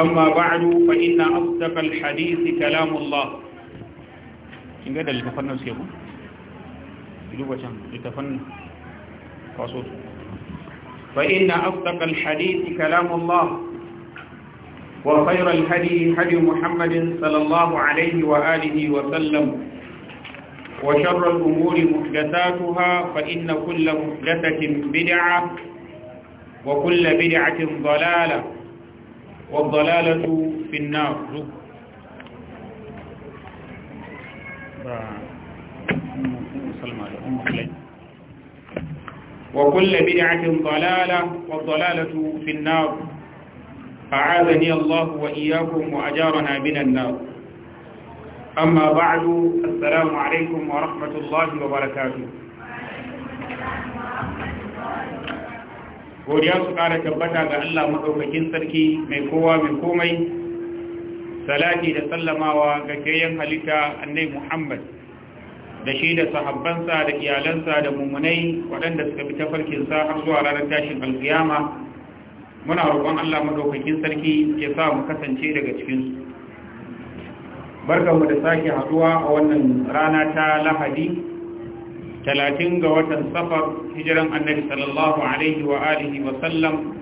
أما بعد فإن أصدق الحديث كلام الله إن قد لتفنوا سيكون يجوبة لتفنوا فأصوت فإن أصدق الحديث كلام الله وخير الهدي هدي محمد صلى الله عليه وآله وسلم وشر الأمور محدثاتها فإن كل محدثة بدعة وكل بدعة ضلالة والضلالة في النار وكل بدعة ضلالة والضلالة في النار أعاذني الله وإياكم وأجارنا من النار أما بعد السلام عليكم ورحمة الله وبركاته godiya su ƙara tabbata ga Allah maɗaukakin sarki mai kowa mai komai salati da sallamawa ga kayan halitta annai Muhammad da shi da sahabbansa da iyalansa da mummunai waɗanda suka fi tafarkinsa har zuwa ranar tashin alkiyama muna roƙon Allah maɗaukakin sarki ya sa mu kasance daga cikinsu barkanmu da sake haɗuwa a wannan rana ta lahadi talatin ga watan safar hijiran annabi sallallahu alaihi wa alihi wa sallam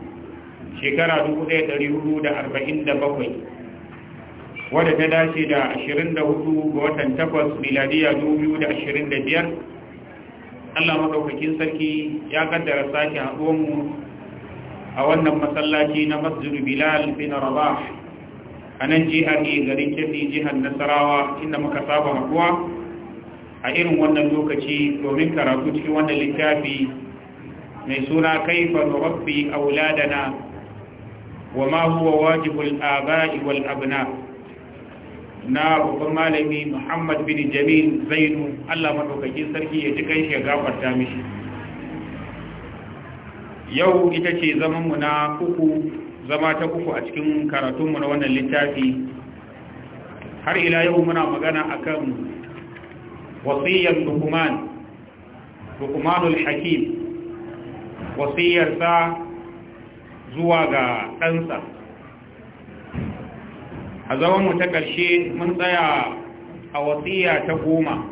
shekara 1447 wadda ta dace da 24 ga watan takwas miladiya 2025 Allah madaukakin sarki ya kaddara sake mu a wannan masallaci na Masjid bilal bin rabah a nan jihar e garin kefi jihar nasarawa inda muka saba hakuwa a irin wannan lokaci domin karatu cikin wannan littafi mai suna kaifa a wuladana wa ma huwa wajibul aba'i wal abna na babban malami Muhammad bin Jamil Zainu Allah madaukakin sarki ya ji kai ya gafarta mishi yau ita ce zamanmu na uku zama ta uku a cikin karatunmu na wannan littafi har ila yau muna magana akan wasiyyar lukuman lukumanul zuwa ga ɗansa a zamanmu ta ƙarshe mun tsaya a wasiyya ta goma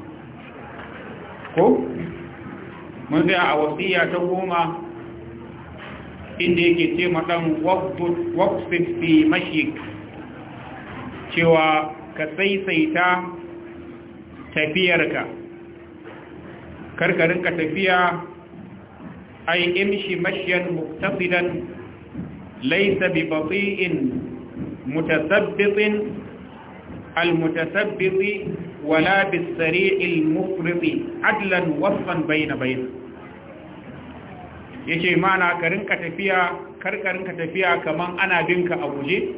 mun tsaya a wasiyya ta goma inda yake ce maɗan waƙfif fi cewa ka saisaita tafiyarka karkarin ka tafiya ai imshi mashyan muktasidan laysa bi bati'in mutasabbitin المتثبط ولا بالسريع المفرط عدلا وصفا بين بين yace mana ka rinka tafiya karkarinka tafiya kaman ana binka a guje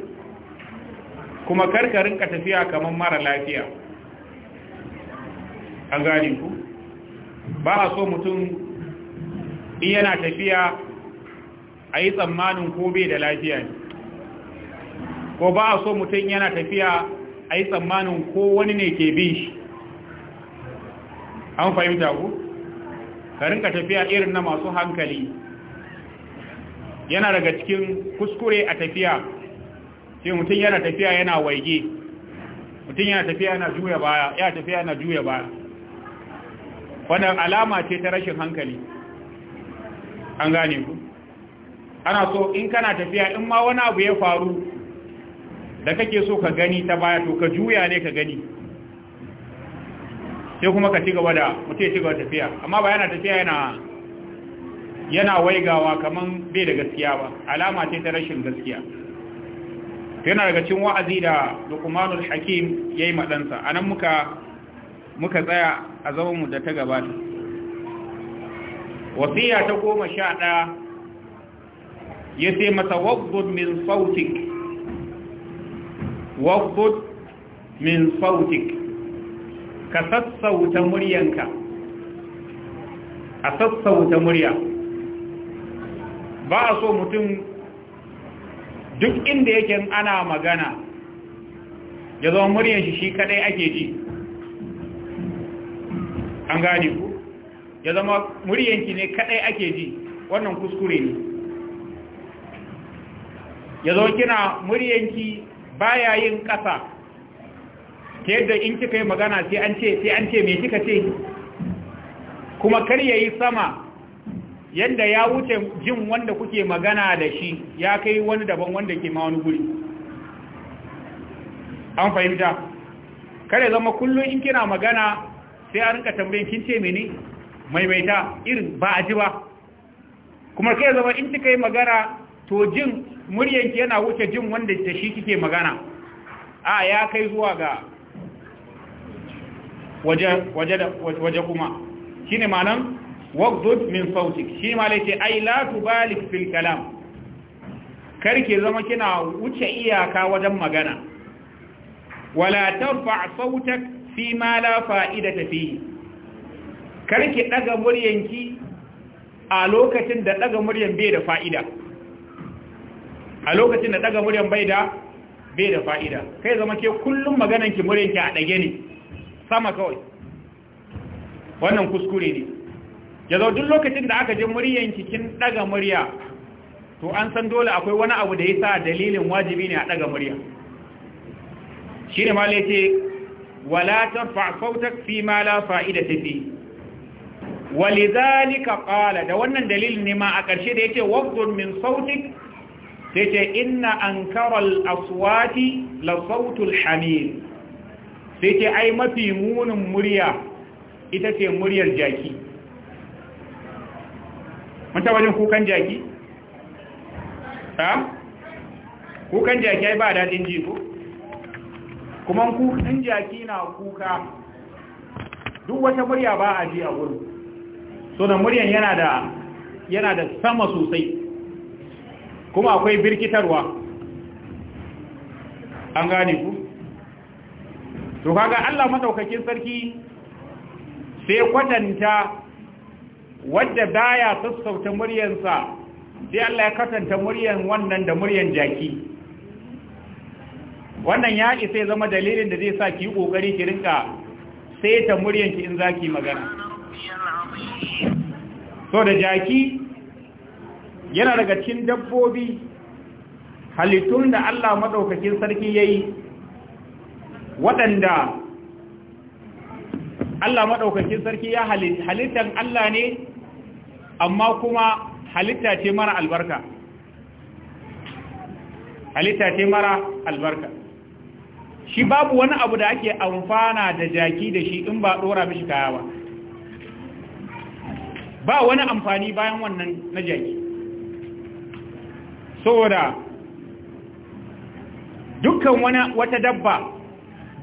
kuma karkarinka tafiya kaman mara lafiya an gane ku ba a so mutum in yana tafiya a yi tsammanin ko bai da lafiya ne ko ba a so mutum yana tafiya a yi tsammanin ko wani ne ke bin shi an fahimta ku ka tafiya irin na masu hankali yana daga cikin kuskure a tafiya sai mutum yana tafiya yana waige mutum yana tafiya yana juya baya ya tafiya yana juya baya wannan alama ce ta rashin hankali an gane ku ana so in kana tafiya in ma wani abu ya faru da kake so ka gani ta baya to ka juya ne ka gani sai kuma ka cigaba da mutu ya cigaba tafiya amma ba yana tafiya yana yana waigawa kamar bai da gaskiya ba alama ce ta rashin gaskiya yana daga cin wa'azi da lukumanul hakim ya yi maɗansa a nan muka muka tsaya a zamanmu da ta gabata wasiya ta goma sha ɗaya ya ce masa wabbud min sautik Wabbud min sautik ka sassauta muryanka a sassauta murya ba a so mutum duk inda yake ana magana ya zama muryar shi shi ake ji an gane ku ya zama muryanki ne kadai ake ji wannan kuskure ne ya zo kina muryanki baya yin kasa ta yadda in kika yi magana sai an ce sai me kika ce kuma kar yayi sama yadda ya wuce jin wanda kuke magana da shi ya kai wani daban wanda ke ma wani guri an fahimta kare zama kullum in kina magana sai a rinka tambayin kin ce mene maimaita irin ba a ji ba kuma kai zama in kika yi magana to jin muryanki yana wuce jin wanda da shi kike magana a ya kai zuwa ga waje kuma shine malam waqdud min sautik shi malai ce ai la tubalik fil kalam karke zama kina wuce iyaka wajen magana wala tarfa sautak fi ma la fa'idata fihi karki daga muryanki a lokacin da daga muryan bai da fa'ida a lokacin da daga muryan bai da bai da fa'ida kai zama ke kullum maganarki muryanki a dage ne sama kawai wannan kuskure ne ya zo duk lokacin da aka ji muryanki kin daga murya to an san dole akwai wani abu da ya sa dalilin wajibi ne a daga murya shi ne ma ce ولا ترفع صوتك فيما لا فائدة فيه ولذلك قال ده wannan dalilin ne ma a ƙarshe da yake waqdun min sautik yace inna ankara al-aswati la sautul hamil sai ce ai mafi munin murya ita ce muryar jaki mun ta wajen kukan jaki ha kukan jaki ai ba dadin ji ko kuma in jaki na kuka duk wata murya ba a ji a wuri so da muryan yana da yana da sama sosai kuma akwai birkitarwa an gane ku to kaga Allah madaukakin sarki sai kwatanta wadda baya sassauta muryansa sai Allah ya kasanta muryan wannan da muryan jaki wannan ya isa zama dalilin da zai sa ki kokari ki rinka sai ta muryanki in za ki magana so da jaki yana daga cikin dabbobi halittun da Allah maɗaukakin sarki ya yi waɗanda Allah maɗaukakin sarki ya halitta. halittan Allah ne amma kuma halitta ce mara albarka halitta ce mara albarka shi babu wani abu da ake amfana da jaki da shi in ba dora mishi kaya ba ba wani amfani bayan wannan na jaki saboda dukkan wani wata dabba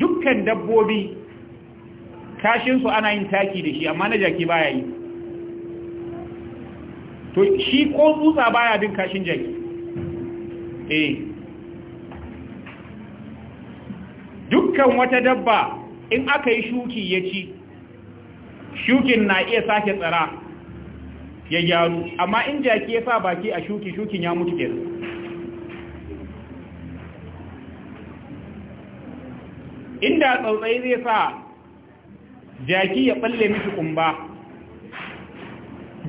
dukkan dabbobi kashinsu ana yin taki da shi amma na jaki baya yi to shi ko tsutsa baya bin kashin jaki eh dukkan wata dabba in aka yi shuki ya ci shukin na iya sake tsara ya gyaru amma in jaki ya sa baki a shuki shukin ya mutu ke inda tsautsayi zai sa jaki ya balle mishi kumba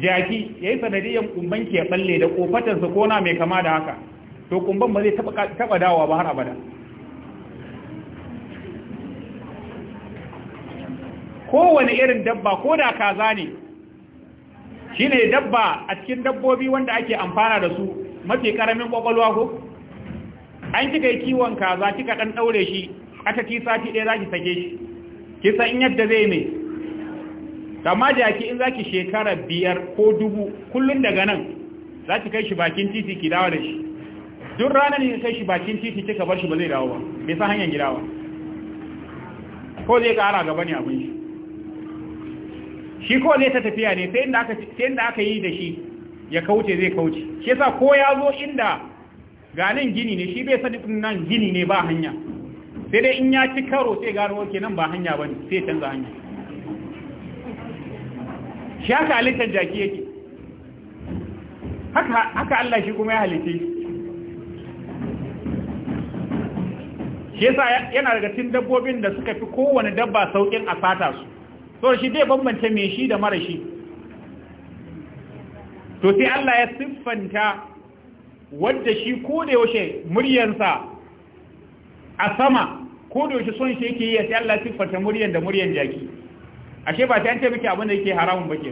jaki ya yi sanadiyyar kumban ke balle da kofatarsa kona mai kama da haka to kumban ba zai taba dawa ba har abada kowane irin dabba ko da kaza ne shine dabba a cikin dabbobi wanda ake amfana da su mafi karamin kwakwalwa ko an kika yi kiwon kaza kika dan daure shi aka ci sati ɗaya zaki sake shi kisa in yadda zai mai amma jaki in zaki shekara biyar ko dubu kullum daga nan zaki kai shi bakin titi ki dawo da shi duk ranar ne kai shi bakin titi kika bar shi ba zai dawo ba bai san hanyar gida ba ko zai kara gaba ne abin shi shi ko zai ta tafiya ne sai inda aka sai inda aka yi da shi ya kauce zai kauce shi yasa ko ya zo inda ganin gini ne shi bai sani nan gini ne ba hanya sai dai in ya ci karo sai gano ke nan ba hanya bane sai canza hanya shi haka halittar jaki yake haka Allah shi kuma ya halitta shi shi yasa yana daga cikin dabbobin da suka fi kowane dabba saukin a fata su so shi zai bambanta mai shi da mara shi to sai Allah ya siffanta wanda shi ko da yaushe muryansa a sama ko da son shi yake yi sai Allah ya siffanta muryan da muryan jaki ashe ba ta yanta miki abin da yake haramun bake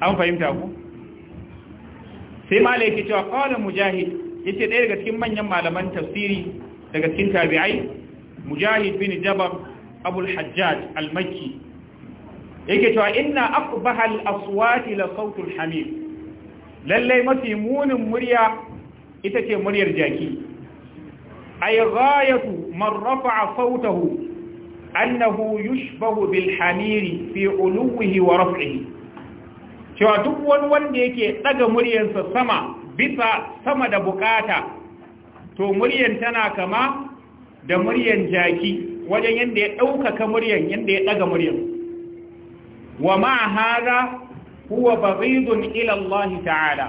an fahimta ku sai malai yake cewa qala mujahid yace ɗaya daga cikin manyan malaman tafsiri daga cikin tabi'ai mujahid bin jabar abulhajjaj almaki yake cewa inna aqbaha aswati la sautul hamid lalle mafi munin murya ita ce muryar jaki ay ghayatu man rafa'a sautahu annahu yushbahu bil hamiri fi uluwihi wa raf'ihi cewa duk wani wanda yake daga muryarsa sama bisa sama da bukata to muryar tana kama da muryar jaki wajen yadda ya ɗaukaka muryan yadda ya ɗaga muryan wa ma hada huwa baridun ila ta'ala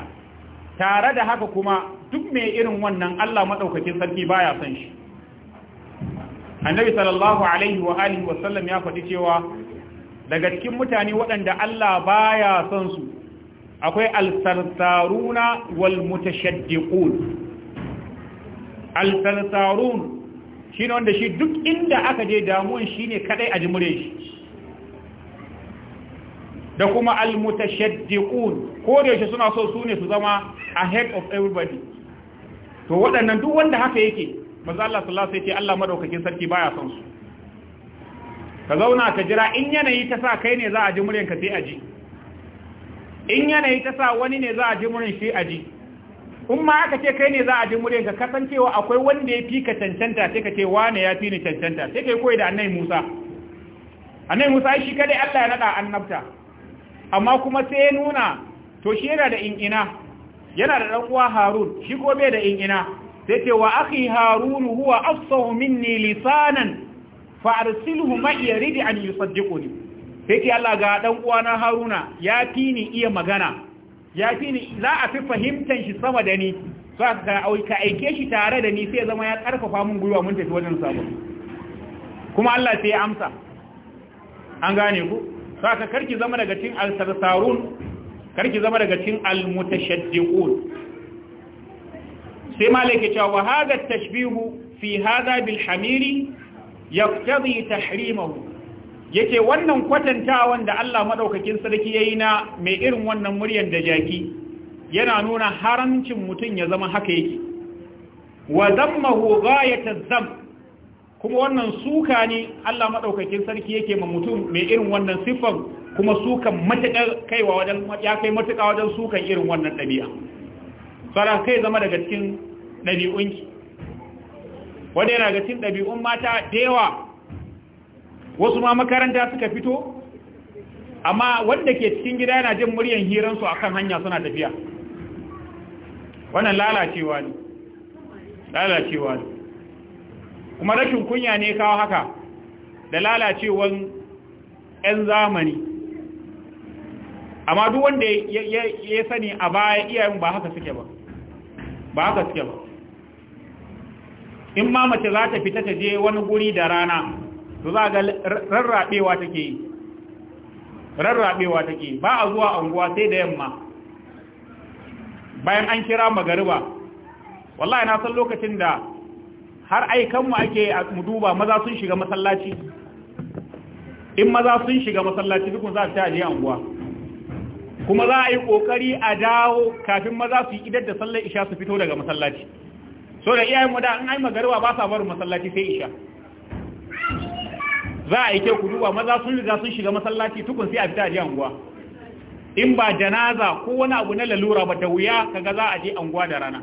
tare da haka kuma duk mai irin wannan Allah maɗaukacin sarki baya son shi annabi sallallahu alaihi wa alihi sallam ya faɗi cewa daga cikin mutane waɗanda Allah baya son su akwai al-sarsaruna wal mutashaddiqun al shi ne wanda shi duk inda aka je damuwan shi ne kadai a jimure shi da kuma almutashaddiqun ko da yake suna so su ne su zama ahead of everybody to waɗannan duk wanda haka yake manzo Allah sallallahu alaihi wasallam Allah madaukakin sarki baya son su ka zauna ka jira in yanayi ta sa kai ne za a ji muryan ka sai a ji in yanayi ta sa wani ne za a ji muryan shi a ji in ma aka ce kai ne za a ji muryanka kasancewa akwai wanda ya fi ka cancanta sai ka ce wane ya fi ni cancanta sai kai koyi da annai musa annai musa shi kadai allah ya naɗa annabta amma kuma sai ya nuna to shi yana da in'ina yana da dan uwa harun shi ko bai da in'ina sai ce wa akhi harun huwa afsahu minni lisanan fa arsilhu ma yarid an yusaddiquni sai ke allah ga dan uwa na haruna ya fi ni iya magana ya fi ni za a fi fahimtar shi sama da ni so ka aike shi tare da ni sai zama ya karfafa mun gwiwa mun tafi wajen sabon kuma Allah sai ya amsa an gane ku so ka karki zama daga cin al-sarsarun karki zama daga cin al-mutashaddiqun sai malaka cewa wa hada tashbihu fi hada bil hamiri yaqtadi tahrimahu Yake wannan kwatantawan da Allah madaukakin sarki yayi na mai irin wannan muryan da jaki yana nuna haramcin mutum ya zama haka yake wa zammahu ghayataz zam kuma wannan suka ne Allah madaukakin sarki yake ma mutum mai irin wannan siffan kuma sukan matakar kaiwa wajen ya kai matuka wajen sukan irin wannan ɗabi'a tsara kai zama daga cikin ɗabi'unki wanda yana ga cikin ɗabi'un mata da yawa wasu ma makaranta suka fito amma wanda ke cikin gida yana jin muryan hiransu akan hanya suna tafiya wannan lalacewa ne lalacewa ne kuma rashin kunya ne kawo haka da lalacewan 'yan zamani amma duk wanda ya sani a baya iyayen ba haka suke ba ba haka suke ba in ma mace za ta fita ta je wani guri da rana to za ga rarrabewa take yi rarrabewa take ba a zuwa anguwa sai da yamma bayan an kira magariba wallahi na san lokacin da har aikanmu ake mu duba maza sun shiga masallaci in maza sun shiga masallaci duk za a taje anguwa kuma za a yi kokari a dawo kafin maza su yi idar da sallar isha su fito daga masallaci so da iyayen mu da an ai magariba ba sa barin masallaci sai isha za a yi kyau ku duba maza sun riga sun shiga masallaci tukun sai a fita je anguwa in ba janaza ko wani abu na lalura ba da wuya kaga za a je anguwa da rana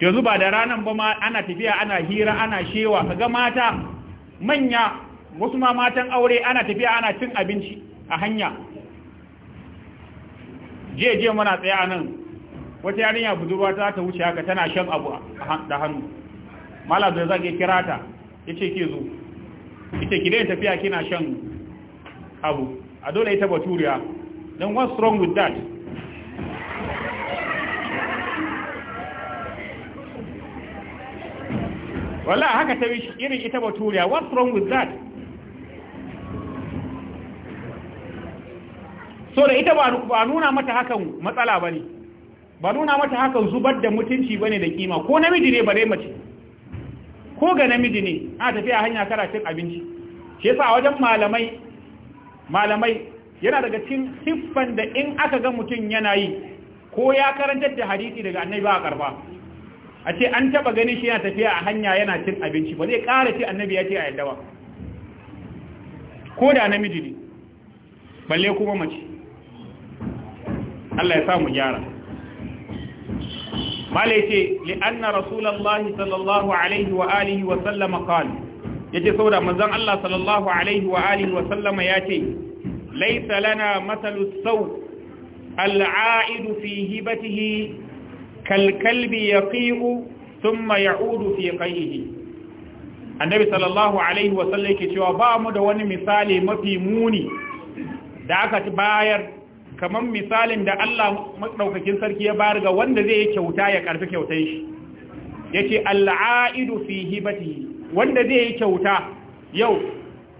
yanzu ba da ranan ba ma ana tafiya ana hira ana shewa kaga mata manya wasu ma matan aure ana tafiya ana cin abinci a hanya je je muna tsaye a nan wata yarinya budurwa ta ta wuce haka tana shan abu da hannu malam zai zage kira ta yace ke zo ita ki dai tafiya kina shan abu a dole ita baturiya don what's wrong with that wala haka ta irin ita baturiya what's wrong with that so da ita ba nuna mata hakan matsala ba ne ba nuna mata hakan zubar da mutunci ba ne da kima ko namiji ne ba dai mace ko ga namiji ne a tafiya hanya kara cin abinci shi yasa wajen malamai malamai yana daga cikin siffan da in aka ga mutum yana yi ko ya karantar da hadisi daga annabi ba a karba a ce an taba gani shi yana tafiya a hanya yana cin abinci ba zai kara ce annabi ya ce a yadda ko da namiji ne balle kuma mace Allah ya samu gyara mala yace li anna rasulullahi sallallahu alaihi wa alihi wa sallama qala yace saboda manzon Allah sallallahu alaihi wa alihi wa sallama yace laysa lana mathalu saw al'aid fi hibatihi kal kalbi yaqiu thumma ya'udu fi qayhi annabi sallallahu alaihi wa sallam yake cewa ba mu da wani misali mafi muni da aka bayar kamar misalin da Allah maɗaukakin sarki ya bayar ga wanda zai yi kyauta ya karfi kyautai shi ya ce al'a'idu fi hibati wanda zai yi kyauta yau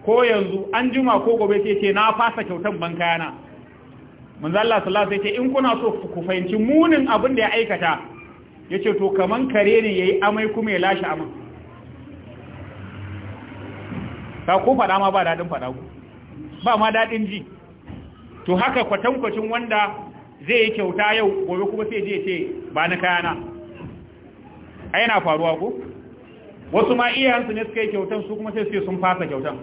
ko yanzu an jima ko gobe sai ce na fasa kyautan ban kayana zalla sallallahu sai ce in kuna so ku fahimci munin abin da ya aikata ya ce to kamar kare ne ya yi amai kuma ya lashe aman ta ko faɗa ma ba daɗin faɗa ku ba ma daɗin ji to haka kwatankwacin wanda zai yi kyauta yau gobe kuma sai je ce ba na kayana ai yana faruwa ku. wasu ma iyayensu ne suka yi kyautan su kuma sai su sun fasa kyautan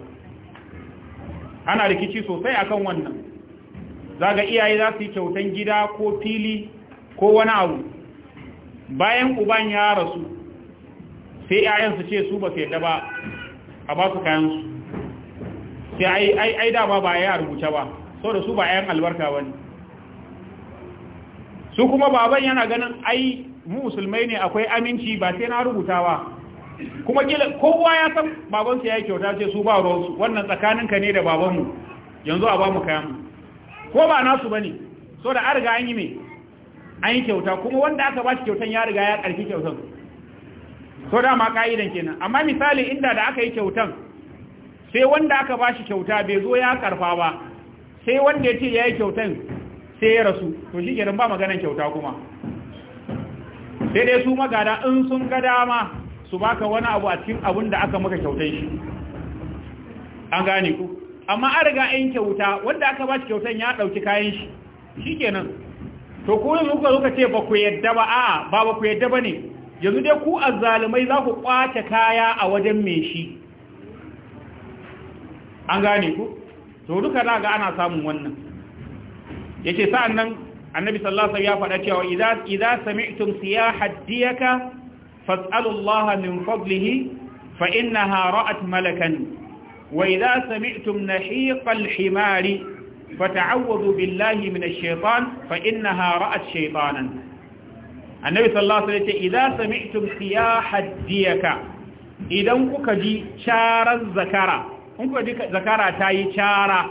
ana rikici sosai akan wannan zaga iyaye za su yi kyautan gida ko fili ko wani abu bayan uban ya rasu sai 'ya'yansu ce su ba su yadda ba a ba su kayan su sai ai da dama ba ya rubuce ba da su ba ayan albarka wani su kuma baban yana ganin ai mu musulmai ne akwai aminci ba sai na rubuta ba kuma kowa ya san su ya yi kyauta ce su ba ruwansu wannan tsakaninka ne da babanmu yanzu a ba mu kayan ko ba nasu ba ne so da arga an yi mai an yi kyauta kuma wanda aka ba shi kyautan ya riga ya ƙarfi kyautan so da ma ka'idan kenan amma misali inda da aka yi kyautan sai wanda aka ba shi kyauta bai zo ya karfa ba sai wanda ya ce ya yi kyautan sai ya rasu to shi ba maganan kyauta kuma sai dai su magada in sun ga dama su baka wani abu a cikin abin da aka maka kyautai shi an gane ku amma an riga in kyauta wanda aka ba shi kyautan ya ɗauki kayan shi shi kenan to ku yanzu kuka zuka ce ba ku yadda ba a ba ba ku yadda ba ne yanzu dai ku azzalumai za ku kwace kaya a wajen mai shi an gane ku to duka za ga ana samun wannan yace sa'an nan annabi sallallahu ya faɗa cewa idan idza sami'tum siyahat diyaka min fadlihi fa innaha ra'at malakan wa idza sami'tum nahiqal himari fata'awwadu billahi minash shaitan fa innaha ra'at shaytanan annabi sallallahu alaihi ya ce idza sami'tum siyahat idan kuka ji charan zakara in kuwa duka zakara ta yi cara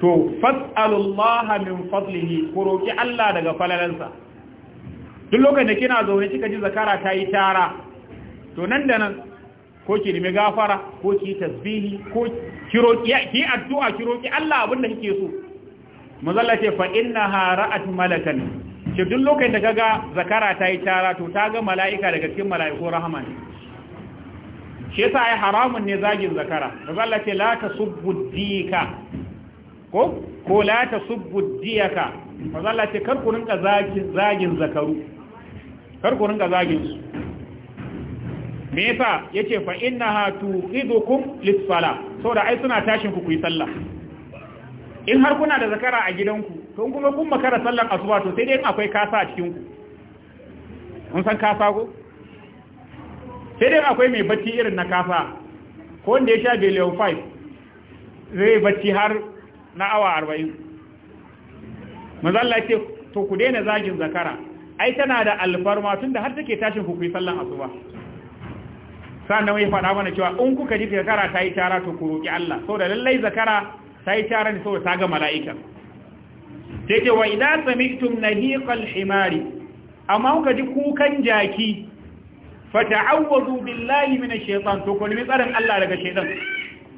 to fas'alullaha min fadlihi ku roki Allah daga falalansa duk lokacin da kina zaune kika ji zakara ta yi cara to nan da nan ko ki nemi gafara ko ki tasbihi ko ki roki ki addu'a ki roki Allah abin da kike so mazalla ce fa innaha ra'at malakan ce duk lokacin da kaga zakara ta yi cara to ta ga mala'ika daga cikin mala'iku rahman shi yasa ai haramun ne zagin zakara da Allah ce la ta dika ko ko la ta diyaka manzo Allah ce kar ku rinka zagin zagin zakaru kar ku rinka zagin su me yasa yace fa innaha tuqidukum lis-sala saboda ai suna tashin ku ku sallah in har kuna da zakara a gidanku to kuma kun makara sallar asuba to sai dai in akwai kasa a cikin ku mun san kasa ko sai dai akwai mai bacci irin na kafa ko wanda ya sha biliyan 5 zai bacci har na awa 40 mazalla ce to ku daina zagin zakara ai tana da alfarma tun da har take tashin ku kuyi sallan asuba sannan ya faɗa mana cewa in kuka ji zakara ta yi tara to ku roƙi Allah da lallai zakara ta yi tara ne so ta ga mala'ika sai ce wa idan samiktum nahiqal himari amma kuka ji kukan jaki fata'awwazu billahi minash shaitan to ko nemi tsarin Allah daga shaitan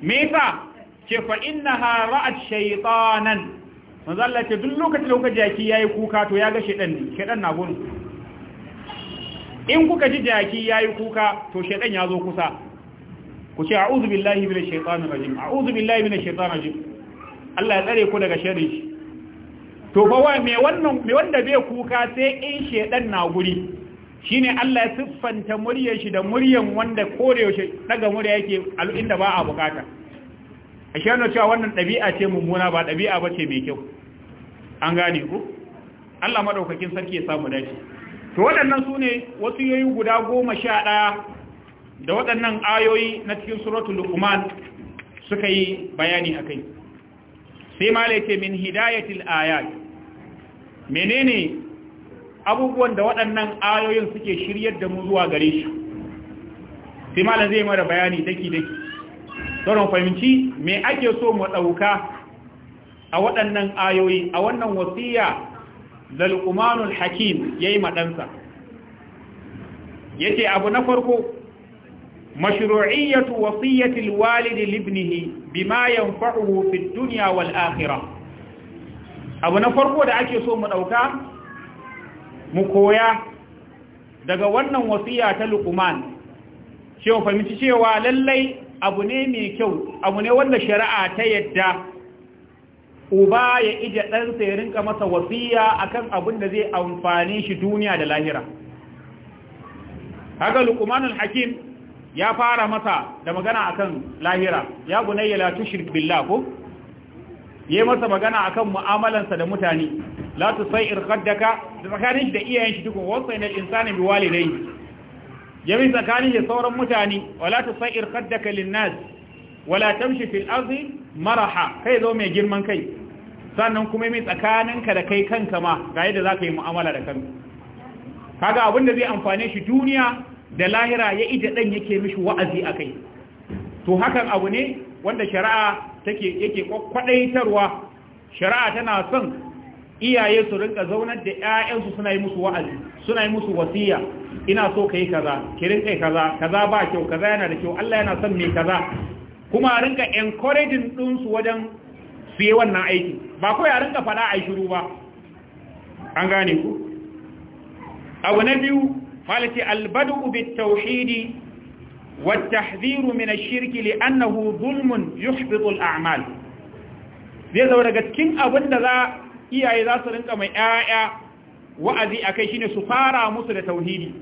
me yasa ce fa innaha ra'at shaytanan manzo Allah ce duk lokacin da kuka jaki yayi kuka to ya ga shaitan ne shaitan na gurin in kuka ji jaki yayi kuka to shaitan ya zo kusa ku ce a'udhu billahi minash shaitanir rajim a'udhu billahi minash shaitanir rajim Allah ya tsare ku daga sharri shi to fa wa me wannan me wanda bai kuka sai in shaitan na guri Shi ne Allah ya siffanta muryar shi da muryar wanda yaushe daga murya yake da ba a bukata a yana cewa wannan ɗabi'a ce mummuna ba ɗabi'a ba ce mai kyau an gane ku Allah maɗaukakin sarki ya samu dace to waɗannan su ne wasu yoyi guda goma sha ɗaya da waɗannan ayoyi na cikin suratul luqman suka yi bayani kai. sai malai ce min hidayatil ayat menene abubuwan da waɗannan ayoyin suke shiryar da mu zuwa gare shi sai malam zai mara bayani daki daki don fahimci me ake so mu ɗauka a waɗannan ayoyi a wannan wasiya Hakim ya hakim yayi madansa yace abu na farko mashru'iyyatu wasiyyati alwalid li ibnihi bima yanfa'uhu fid dunya wal akhirah abu na farko da ake so mu ɗauka mu koya daga wannan wasiya ta luqman cewa fahimci cewa lallai abu ne mai kyau abu ne wanda shari'a ta yadda uba ya ije ɗansa ya rinka masa wasiya akan abin da zai amfane shi duniya da lahira haka luqmanul hakim ya fara masa da magana akan lahira ya bunayya la tushrik billah ko yayi masa magana akan mu'amalansa da mutane la tusair da tsakanin da iyayen shi dukun wasa inal insani bi walidai. yami tsakanin da sauran mutane wala tusair khaddaka linnas wala tamshi fil ardi maraha kai zo mai girman kai sannan kuma mai tsakaninka da kai kanka ma ga yadda zaka yi mu'amala da kanka kaga abin da zai amfane shi duniya da lahira ya ida dan yake mishi wa'azi akai to hakan abu ne wanda shari'a take yake kwadaitarwa shari'a tana son iyaye su rinka zaunar da 'ya'yansu suna yi musu wa'azi suna yi musu wasiya ina so kai kaza ki rinka kaza kaza ba kyau kaza yana da kyau Allah yana son me kaza kuma rinka encouraging din su wajen su yi wannan aiki ba kawai a rinka fada a shiru ba an gane ku abu na biyu malati albadu bit tauhidi wat tahdhiru min ash-shirki li'annahu zulmun yuhbitu al-a'mal zai zama daga cikin abin da za iyaye za su rinka mai ƴaƴa wa'azi a kai shine su fara musu da tauhidi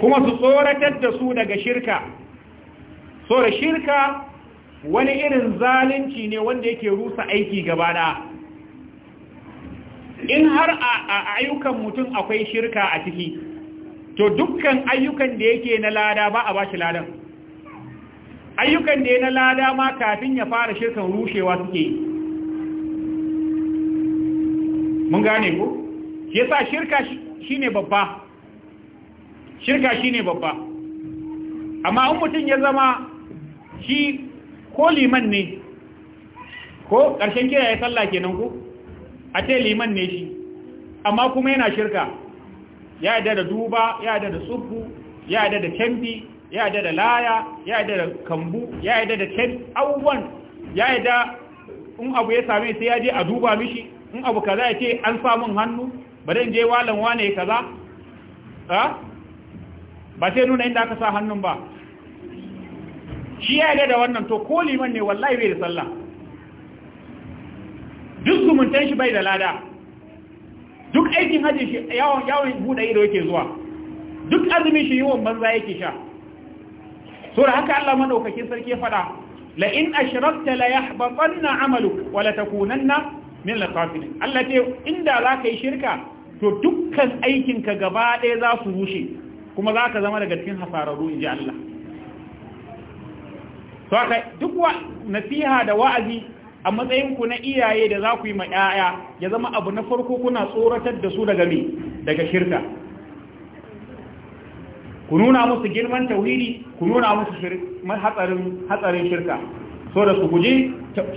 kuma su tsoratar da su daga shirka so da shirka wani irin zalunci ne wanda yake rusa aiki gaba da in har a ayyukan mutum akwai shirka a ciki to dukkan ayyukan da yake na lada ba a ba shi ladan ayyukan da ya na lada ma kafin ya fara shirkan rushewa suke yi mun gane ko yasa shirka shi ne babba shirka shi ne babba amma in mutum ya zama shi ko liman ne ko ƙarshen kira ya sallah kenan ko a ce liman ne shi amma kuma yana shirka ya yada da duba ya yada da tsubbu ya yada da canbi ya yada da laya ya yada da kambu ya yada da can abubuwan ya yada in abu ya same sai ya je a duba mishi in abu kaza ya ce an samun hannu bari in je walan wane kaza ha ba sai nuna inda aka sa hannun ba shi ya yi da wannan to ko liman ne wallahi bai da sallah duk zumuntan shi bai da lada duk aikin haji shi yawon yawon buɗe ido yake zuwa duk azumin shi yiwon banza yake sha So da haka Allah madaukakin sarki ya faɗa la in ashrakta la yahbatanna amaluk wa la takunanna min lakafin Allah ce inda za ka yi shirka to dukkan aikinka gaba ɗaya za su rushe kuma za ka zama daga cikin hasararru in ji Allah to kai duk wa nasiha da wa'azi a matsayinku na iyaye da za ku yi ma 'ya'ya ya zama abu na farko kuna tsoratar da su daga me daga shirka ku nuna musu girman tauhidi ku nuna musu hatsarin hatsarin shirka so da su guji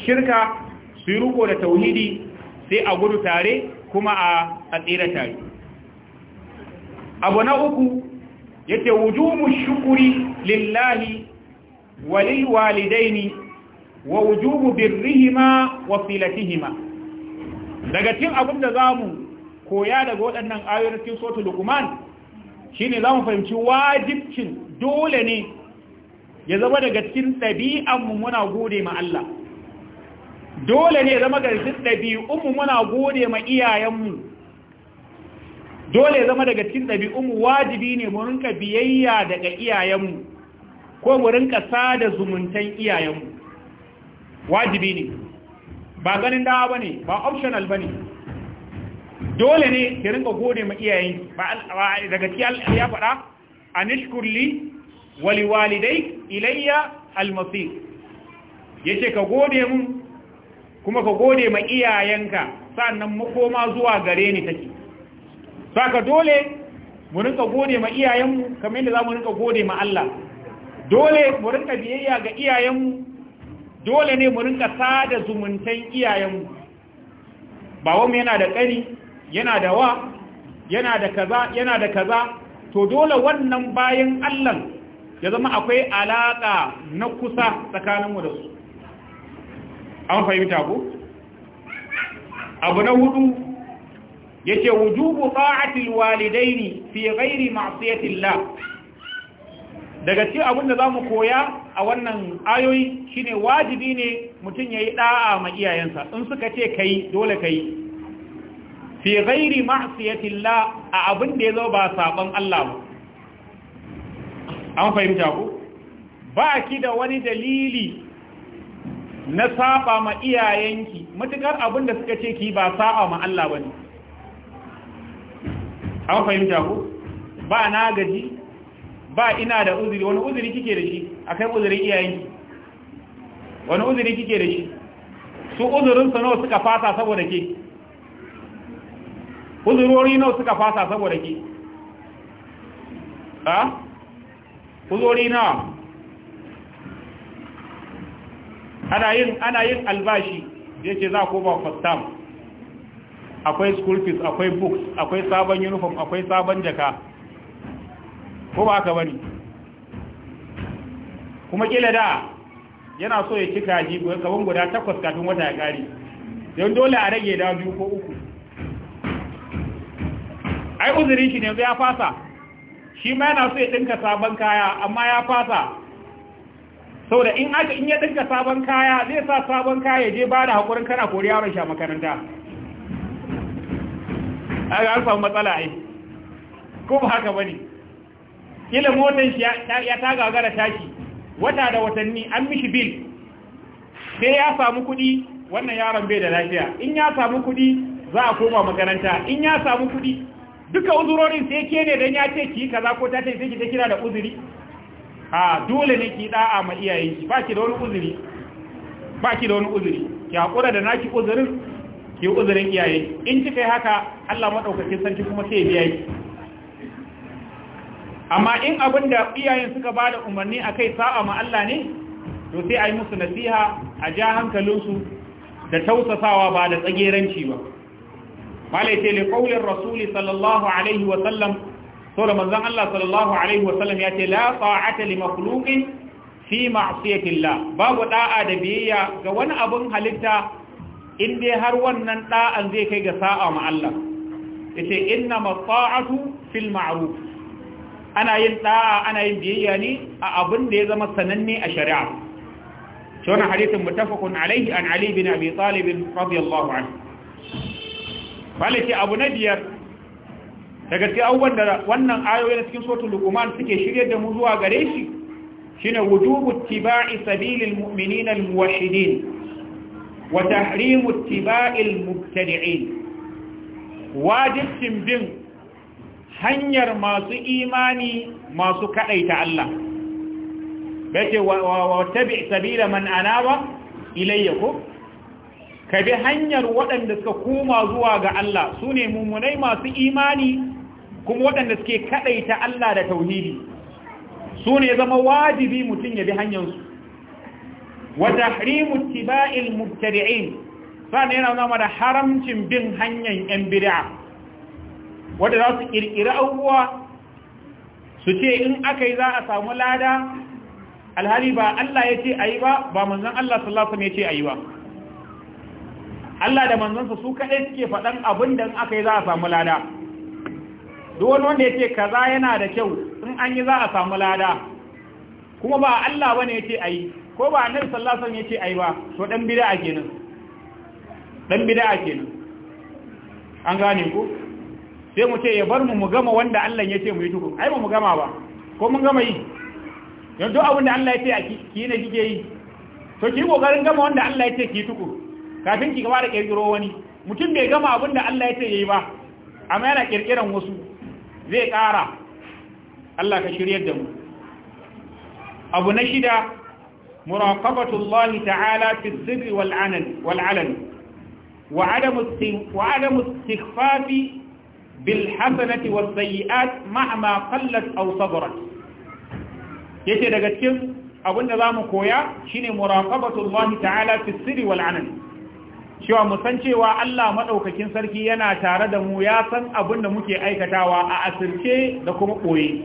shirka su yi riko da tauhidi sai a gudu tare kuma a tsira tare abu na uku yace wujubu shukuri lillahi walil walidaini wa wujubu birrihima wa filatihima daga cin abin da zamu koya daga waɗannan ayoyin sotu lukuman shine zamu fahimci wajibcin dole ne ya zama daga cikin ɗabi'anmu muna gode ma Allah dole ne zama garjin ɗabi'unmu muna gode ma iyayenmu dole zama daga cikin ɗabi'unmu wajibi ne mu rinka biyayya daga iyayenmu ko mu rinka sada zumuntan iyayenmu wajibi ne ba ganin dawa ba ne ba optional ba ne dole ne ki rinka gode ma iyayen ba daga cikin ya faɗa a nishkurli waliwalidai ilayya almasir ya ce ka gode mun kuma ka gode ma iyayenka sannan makoma zuwa gare ni take saka dole mu rinka gode ma iyayenmu kamar yadda za mu rinka gode ma Allah dole mu rinka biyayya ga iyayenmu dole ne mu rinka sada zumuntan iyayenmu ba wani yana da ƙari, yana da wa yana da kaza yana da kaza to dole wannan bayan Allah ya zama akwai alaka na kusa tsakaninmu da su an fahimta ku abu na hudu yace wujubu ta'atil walidaini fi ghairi ma'siyatillah daga cikin abin da zamu koya a wannan ayoyi shine wajibi ne mutum yayi da'a ma iyayensa in suka ce kai dole kai fi ghairi ma'siyatillah a abin da yazo ba saban Allah ba an fahimta ku ba ki da wani dalili na saba ma iyayenki matukar abin da suka ce ki ba sa'a ma Allah bane an fahimta ku ba na gaji ba ina da uzuri wani uzuri kike da shi akai uzurin iyayenki wani uzuri kike da shi su uzurin su nawa suka fasa saboda ke uzurori nawa suka fasa saboda ke ha uzuri nawa ana yin ana yin albashi ya yake za ko ba fastam akwai school fees akwai books akwai sabon uniform akwai sabon jaka ko ba aka bane kuma kila da yana so ya ci kaji kaban guda takwas kafin wata ya kare don dole a rage da biyu ko uku ai uzurin shi ne ya fasa shi ma yana so ya dinka sabon kaya amma ya fasa da in aka in ya dinka sabon kaya zai sa sabon kaya je ba da haƙurin kana kori yaron shi a makaranta a ga alfahun matsala yi ko ba haka ba ne? ila motan shi ya ta gagara tashi wata da watanni an mishi bil sai ya samu kudi wannan yaron bai da lafiya in ya samu kudi za a koma makaranta in ya samu kudi duka uzurorin sai ke ne don ya ce ki kaza ko ta ce sai ki ta kira da uzuri ha dole ne ki da'a ma iyayen ba ki da wani uzuri ba ki da wani uzuri ki haƙura da naki uzurin ki uzurin iyaye in kika haka Allah madaukakin sarki kuma sai biya ki amma in abin da iyayen suka ba da umarni akai sa'a ma Allah ne to sai ayi musu nasiha a ja hankalinsu da tausasawa ba da tsageranci ba malai li le rasuli sallallahu alaihi wa sallam saboda manzan Allah sallallahu alaihi wasallam ya ce la ta'ata li makhluqin fi ma'siyatillah babu da'a da biyayya ga wani abun halitta in har wannan ɗa'an zai kai ga sa'a ma Allah yace inna mata'atu fil ma'ruf ana yin da'a ana yin biyayya ne a abin da ya zama sananne a shari'a shona wannan hadisin muttafaqun alaihi an ali bin abi talib radiyallahu anhu balaki abu na biyar daga cikin abubuwan da wannan ayoyi na cikin suratul luqman suke shirye da mu zuwa gare shi Shi shine wujubu ittiba'i sabilil mu'minina al-muwahhidin wa tahrimu ittiba'il mubtadi'in wajibin bin hanyar masu imani masu kadaita Allah bace wa tabi' sabila man anaba ilayya ko ka bi hanyar waɗanda suka koma zuwa ga Allah su ne mummunai masu imani kuma waɗanda suke kaɗaita Allah da tauhidi su ne zama wajibi mutum ya bi hanyarsu Wata tahrimu tiba'il mubtadi'in sannan yana zama da haramcin bin hanyar yan bid'a Wadda za su ƙirƙiri abubuwa su ce in aka yi za a samu lada alhali ba Allah ya ce a yi ba ba manzan Allah sallallahu ne ya ce a yi ba Allah da manzansa su kaɗai suke faɗan abin da aka yi za a samu lada duk wani wanda ya ce kaza yana da kyau in an yi za a samu lada kuma ba Allah bane yace ayi ko ba annabi sallallahu alaihi wasallam yace ayi ba to dan bid'a kenan dan bid'a kenan an gane ko sai mu ce ya bar mu mu gama wanda Allah ce mu yi duka ai ba mu gama ba ko mun gama yi yanzu abin da Allah yace a ki ne kike yi to ki kokarin gama wanda Allah yace ki tuku kafin ki gaba da kirkiro wani mutum bai gama abin da Allah yace yayi ba amma yana kirkiran wasu zai ƙara Allah ka shiryar da mu abu na shida muraqabatullahi ta'ala fi sirri wal anan wal alan wa adamu wa adamu istighfafi bil hasanati was sayyi'at mahma qallat aw sabrat yace daga cikin abinda zamu koya shine muraqabatullahi ta'ala fi sirri wal anan cewa mu san cewa Allah maɗaukakin sarki yana tare da mu ya san abin da muke aikatawa a asirce da kuma boye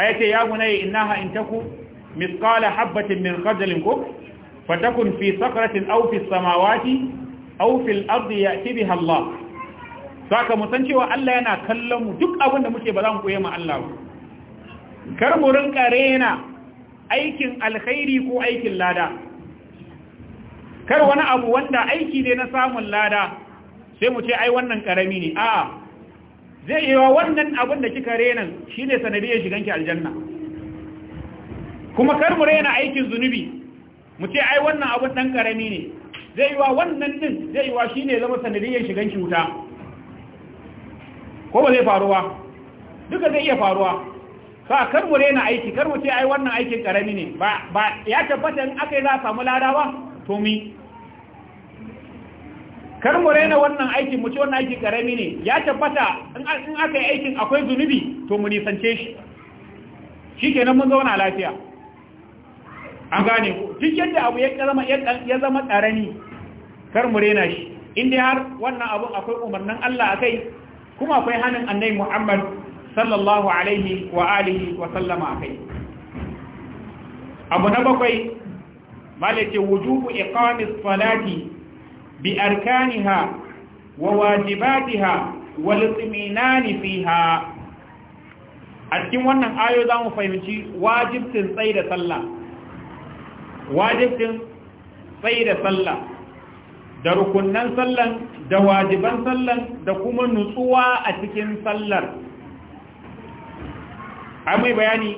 ayace ya gunaye innaha in taku mithqala habatin min khardalin ko fatakun fi sakratin samawati aw fil ardi ya'ti biha Allah saka mu san cewa Allah yana kallon mu duk abin da muke ba za mu koye ma Allah kar mu rinka rena aikin alkhairi ko aikin lada kar wani abu wanda aiki ne na samun lada sai mu ce ai wannan karami ne a'a zai yi wa wannan abin da kika rena shine sanadiyar shiganki aljanna kuma kar mu rena aikin zunubi mu ce ai wannan abin dan karami ne zai yi wa wannan din zai yi wa shine zama sanadiyar shiganki wuta ko ba zai faruwa duka zai iya faruwa ka kar mu rena aiki kar mu ce ai wannan aikin karami ne ba ya tabbata in akai za a samu lada ba to kar mu raina wannan aikin mu ce wannan aiki karami ne ya tabbata in aka yi aikin akwai zunubi to mu nisance shi shikenan mun zauna lafiya an gane ku duk yadda abu ya zama karami kar mu raina shi dai har wannan abu akwai umarnin Allah akai kuma akwai hannun annabi Muhammad sallallahu alaihi wa alihi wa sallama akai abu na bakwai malaka wujubu iqamis salati bi arkaniha wa wajibatiha wal itminani fiha a cikin wannan ayo za mu fahimci wajibcin tsaye da sallah wajibcin tsaye da sallah da rukunnan sallan da wajiban sallan da kuma nutsuwa a cikin sallar an mai bayani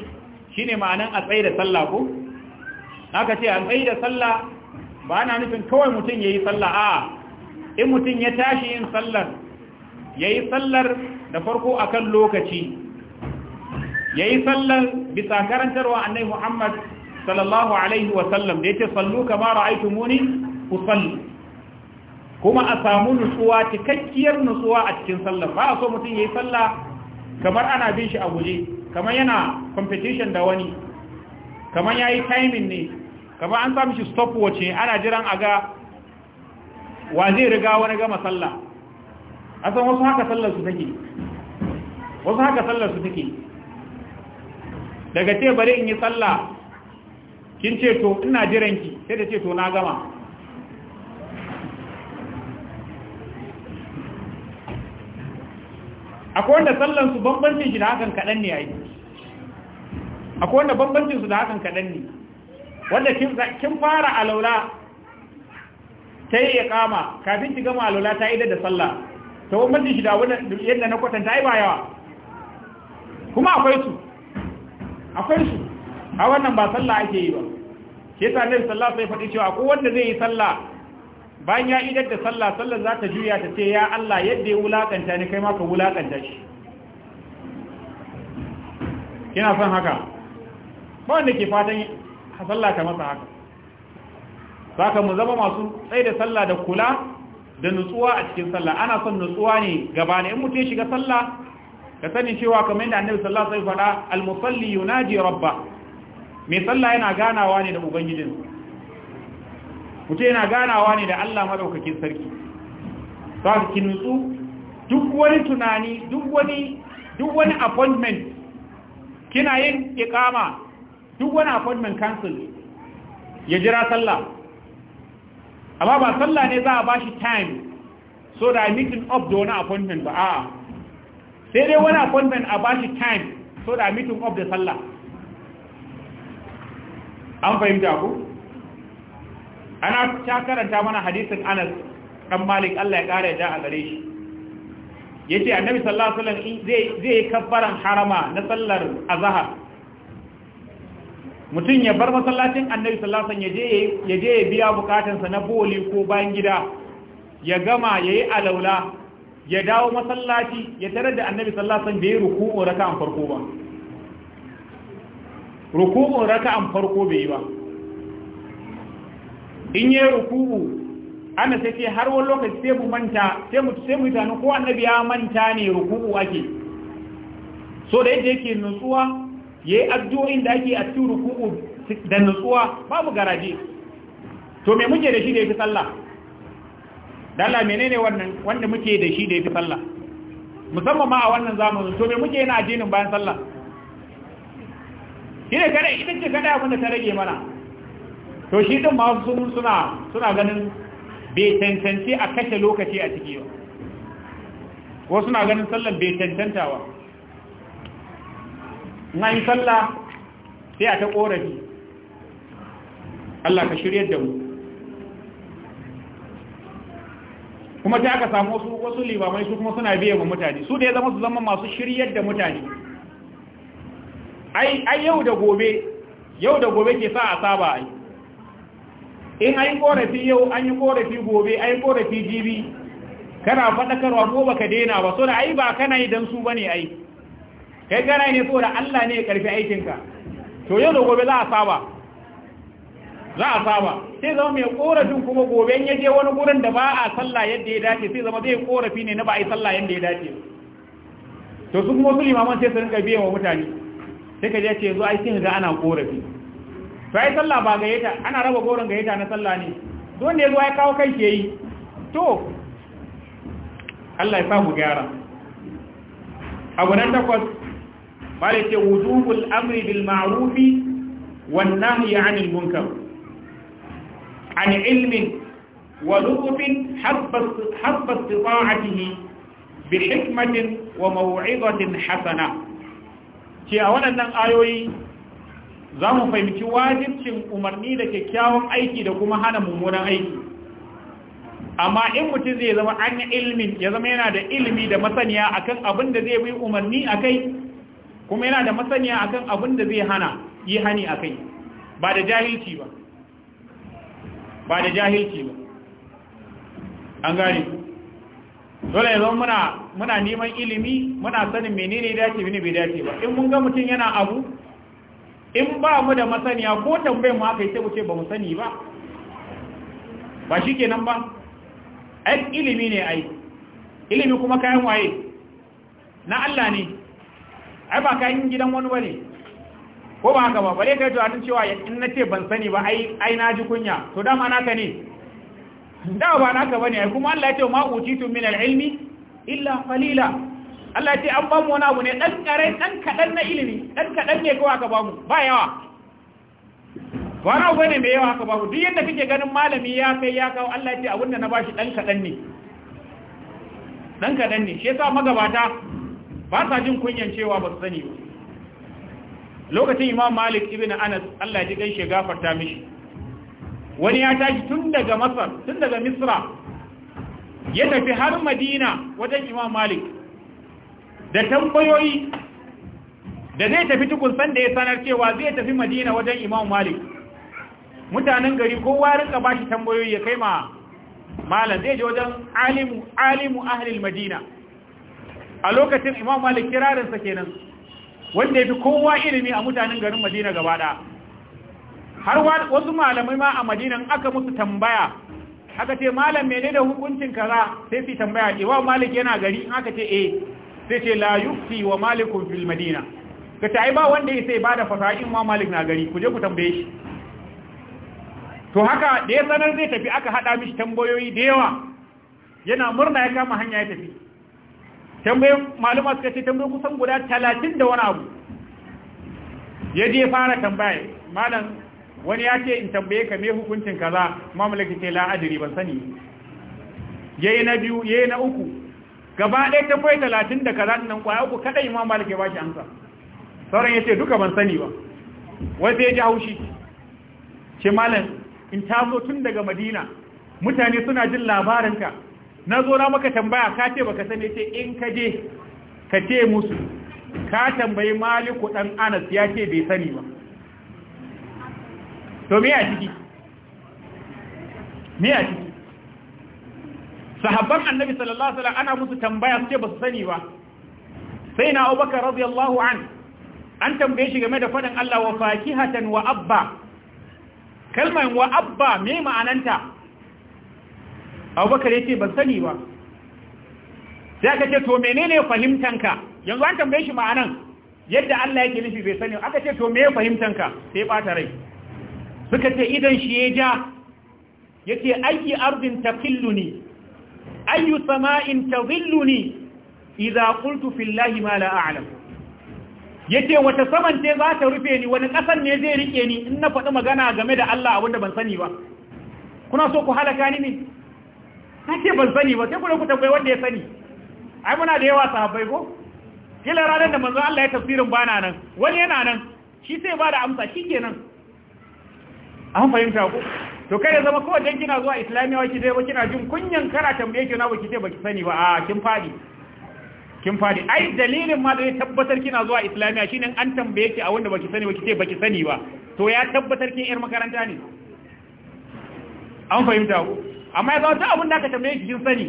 shine ma'anan a tsaye da sallah ko aka ce an tsaye da sallah ba na nufin kawai mutum ya yi sallah a in mutum ya tashi yin sallar ya yi sallar da farko akan lokaci ya yi sallar bisa karantarwa annai muhammad sallallahu alaihi wasallam da ya ce sallu kamar aikin muni ku sallu kuma a samu nutsuwa cikakkiyar nutsuwa a cikin sallar ba a so mutum ya yi sallah kamar ana bin shi a guje kamar yana competition da wani kamar ya yi taimin ne kamar an sami shi stop wace ana jiran a ga wa zai riga wani gama sallah a san wasu haka sallar su take wasu haka sallar su take daga ce bari in yi sallah kin ce to ina jiranki sai da ce to na gama akwai wanda sallansu banbancin shi da hakan kaɗan ne yi. akwai wanda bambancinsu da hakan kaɗan ne wanda kin fara alaula ta yi ya kama kafin ki gama alaula ta idar da sallah ta bambancin shi da yadda na kwatanta ai ba yawa kuma akwai su akwai su a wannan ba sallah ake yi ba ke sa annabi sallah sai faɗi cewa ko wanda zai yi sallah bayan ya idar da sallah sallar za ta juya ta ce ya Allah yadda ya wulakanta ni kai ma ka wulakanta shi kina son haka ba wanda ke fatan sallah ta masa haka saka mu zama masu tsaye da sallah da kula da nutsuwa a cikin sallah ana son nutsuwa ne gaba ne in mutu shiga sallah ka sani cewa kamar yadda annabi sallallahu alaihi wasallam faɗa al-musalli yunaji rabba mai sallah yana ganawa ne da ubangijin mutum yana ganawa ne da Allah madaukakin sarki saka ki nutsu duk wani tunani duk wani duk wani appointment kina yin iqama duk wani appointment cancel ya jira sallah amma ba sallah ne za a ba shi time so da meeting up da wani appointment ba a sai dai wani appointment a ba shi time so da meeting up da sallah an fahimta ku ana ta karanta mana hadisin anas dan malik Allah ya kare da a gare shi yace annabi sallallahu alaihi wasallam zai zai kabbaran harama na sallar azhar mutum ya bar masallacin annabi sallallahu alaihi ya je ya biya bukatansa na boli ko bayan gida ya gama ya yi alaula ya dawo masallaci ya tare da annabi sallallahu alaihi bai ruku'u raka'an farko ba ruku'u raka'an farko bai yi ba in yi ruku'u ana sai ce har wani lokaci sai mu manta sai mu sai mu tana ko annabi ya manta ne ruku'u ake so da yadda yake nutsuwa yi addu'o'in da ake a cikin ruku'u da nutsuwa babu garaje to me muke da shi da ya fi sallah dala menene wannan wanda muke da shi da ya fi sallah musamman ma a wannan zamanin to me muke yana addinin bayan sallah shi ne kada ita ce kada abin ta rage mana to shi din ma suna suna ganin bai tantance a kashe lokaci a ciki ba wasu na ganin sallar bai tantantawa na yi sallah sai a ta ƙorafi Allah ka shirya da mu kuma ta aka samu wasu wasu limamai su kuma suna biye wa mutane su da ya zama su zama masu shiryar da mutane ai ai yau da gobe yau da gobe ke sa a saba ai in ai korafi yau an yi korafi gobe ai korafi jibi kana faɗakarwa ko baka daina ba so da ai ba kana yi dan su bane ai kai gara ne saboda Allah ne ya karfi aikinka to yau da gobe za a saba za a saba sai zama mai korafin kuma gobe ya je wani gurin da ba a sallah yadda ya dace sai zama zai korafi ne na ba a yi sallah yadda ya dace to su kuma su limaman sai su rinka biyan wa mutane sai ka je ce zo aikin da ga ana korafi to ai sallah ba gayyata ana raba gorin gayyata na sallah ne don ne zo ya kawo kai ke yi to Allah ya sa gyara abu nan takwas malai ce wujubul amri bil ma'rufi wan nahyi 'anil munkar an ilmin wa lutfin habba istita'atihi bi hikmatin wa maw'izatin hasana ce a waɗannan ayoyi za mu fahimci wajibcin umarni da kyakkyawan aiki da kuma hana mummunan aiki amma in mutum zai zama an ilmin ya zama yana da ilmi da masaniya akan abin da zai bi umarni akai kuma yana da masaniya akan abin da zai hana yi hani a kai. ba da jahilci ba ba da jahilci ba an gane dole yanzu muna muna neman ilimi muna sanin menene dace bane bai dace ba in mun ga mutum yana abu in ba mu da masaniya ko tambayar mu aka yi sai mu ce ba mu sani ba ba shi kenan ba ai ilimi ne ai ilimi kuma kayan waye na Allah ne ai ba kayan gidan wani bane ko ba haka ba bare kai to atin cewa in nace ban sani ba ai ai naji kunya to dama naka ne da ba naka bane ai kuma Allah ya ce ma utitu min al-ilmi illa qalila Allah ya ce an bamu wani abu ne dan kare dan kadan na ilimi dan kadan ne kawai aka mu? ba yawa ba na bane mai yawa aka mu. duk yanda kike ganin malami ya kai ya kawo Allah ya ce abinda na bashi dan kadan ne dan kadan ne shi yasa magabata ba sa jin kunyan cewa ba su sani ba lokacin imam malik ibn anas allah ji gaishe gafarta mishi wani ya tashi tun daga masar tun daga misra ya tafi har madina wajen imam malik da tambayoyi da zai tafi tukun sanda ya sanar cewa zai tafi madina wajen imam malik mutanen gari kowa rinka bashi tambayoyi ya kai ma malam zai je wajen alimu alimu ahlil madina a lokacin imam malik kirarinsa kenan wanda ya fi kowa ilimi a mutanen garin madina gaba har wasu malamai ma a madinan aka musu tambaya aka ce malam mene da hukuncin kaza sai su tambaya imam malik yana gari in aka ce eh sai ce la yufti wa malikun fil madina ka ta ba wanda ya sai bada fasaha imam malik na gari ku je ku tambaye shi to haka da ya sanar zai tafi aka hada mishi tambayoyi da yawa yana murna ya kama hanya ya tafi tambayin maluma suka ce tambayi kusan guda talatin da wani abu ya je fara tambaye malam wani ya ce in tambaye ka me hukuncin kaza mamlaki ce la'adiri ban sani Ya yi na biyu ya yi na uku gaba ɗaya ta fai talatin da kaza nan kwaya uku kaɗa yi malik ba shi amsa sauran ya ce duka ban sani ba wai ya ji haushi ce malam in taso tun daga madina mutane suna jin labarinka na zo na maka tambaya ka ce baka sani ce in ka je ka ce musu ka tambayi maliku dan anas ya ce bai sani ba to me a ciki me a ciki sahabban annabi sallallahu alaihi wasallam ana musu tambaya su ce ba su sani ba sai na abubakar radiyallahu an an tambaye shi game da fadin Allah wa fakihatan wa abba kalmar wa abba me ma'ananta abubakar ya ce ban sani ba sai aka ce to menene fahimtanka yanzu an tambaye shi ma'anan yadda Allah yake nufi bai sani aka ce to me fahimtanka sai bata rai suka ce idan shi ya ja yake ayi ardin taqilluni ayu sama'in tadhilluni idza qultu fillahi ma la a'lam yace wata saman ce za ta rufe ni wani kasan ne zai rike ni in na faɗi magana game da Allah abinda ban sani ba kuna so ku halaka ni ne nake ban sani ba sai ku ku tambayi wanda ya sani ai muna da yawa sahabbai ko kila ranar da manzo. Allah ya tafsirin bana nan wani yana nan shi sai ba da amsa shikenan an fahimta ku to kai ya zama ko dan kina zuwa islamiyawa waki dai ba kina jin kunyan kara tambaye ki na ba ki ce ba ki sani ba a kin fadi kin fadi ai dalilin ma da ya tabbatar kina zuwa islamiya shine an tambaye ki a wanda baki sani baki ce baki sani ba to ya tabbatar kin yar makaranta ne an fahimta ku amma ya zama duk abin da aka tambaye shi jin sani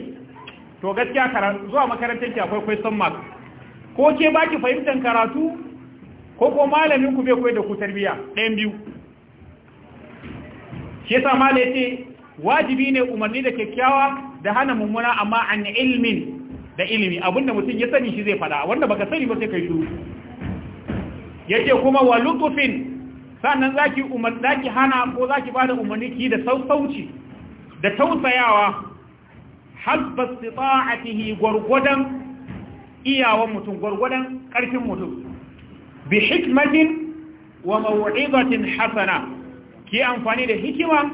to gaskiya karatu zuwa makarantar ki akwai question mark ko ke baki fahimtar karatu ko ko malamin ku bai koyar da ku tarbiya ɗayan biyu shi yasa malai ce wajibi ne umarni da kyakkyawa da hana mummuna amma an ilmin da ilimi abinda mutum ya sani shi zai fada wanda baka sani ba sai kai shi yace kuma wa lutufin sannan zaki umar zaki hana ko zaki bada umarni ki da sausauci da tausayawa hasba istita'atihi gurgudan iyawan mutum gurgudan karfin mutum bi hikmatin wa maw'izatin hasana ki amfani da hikima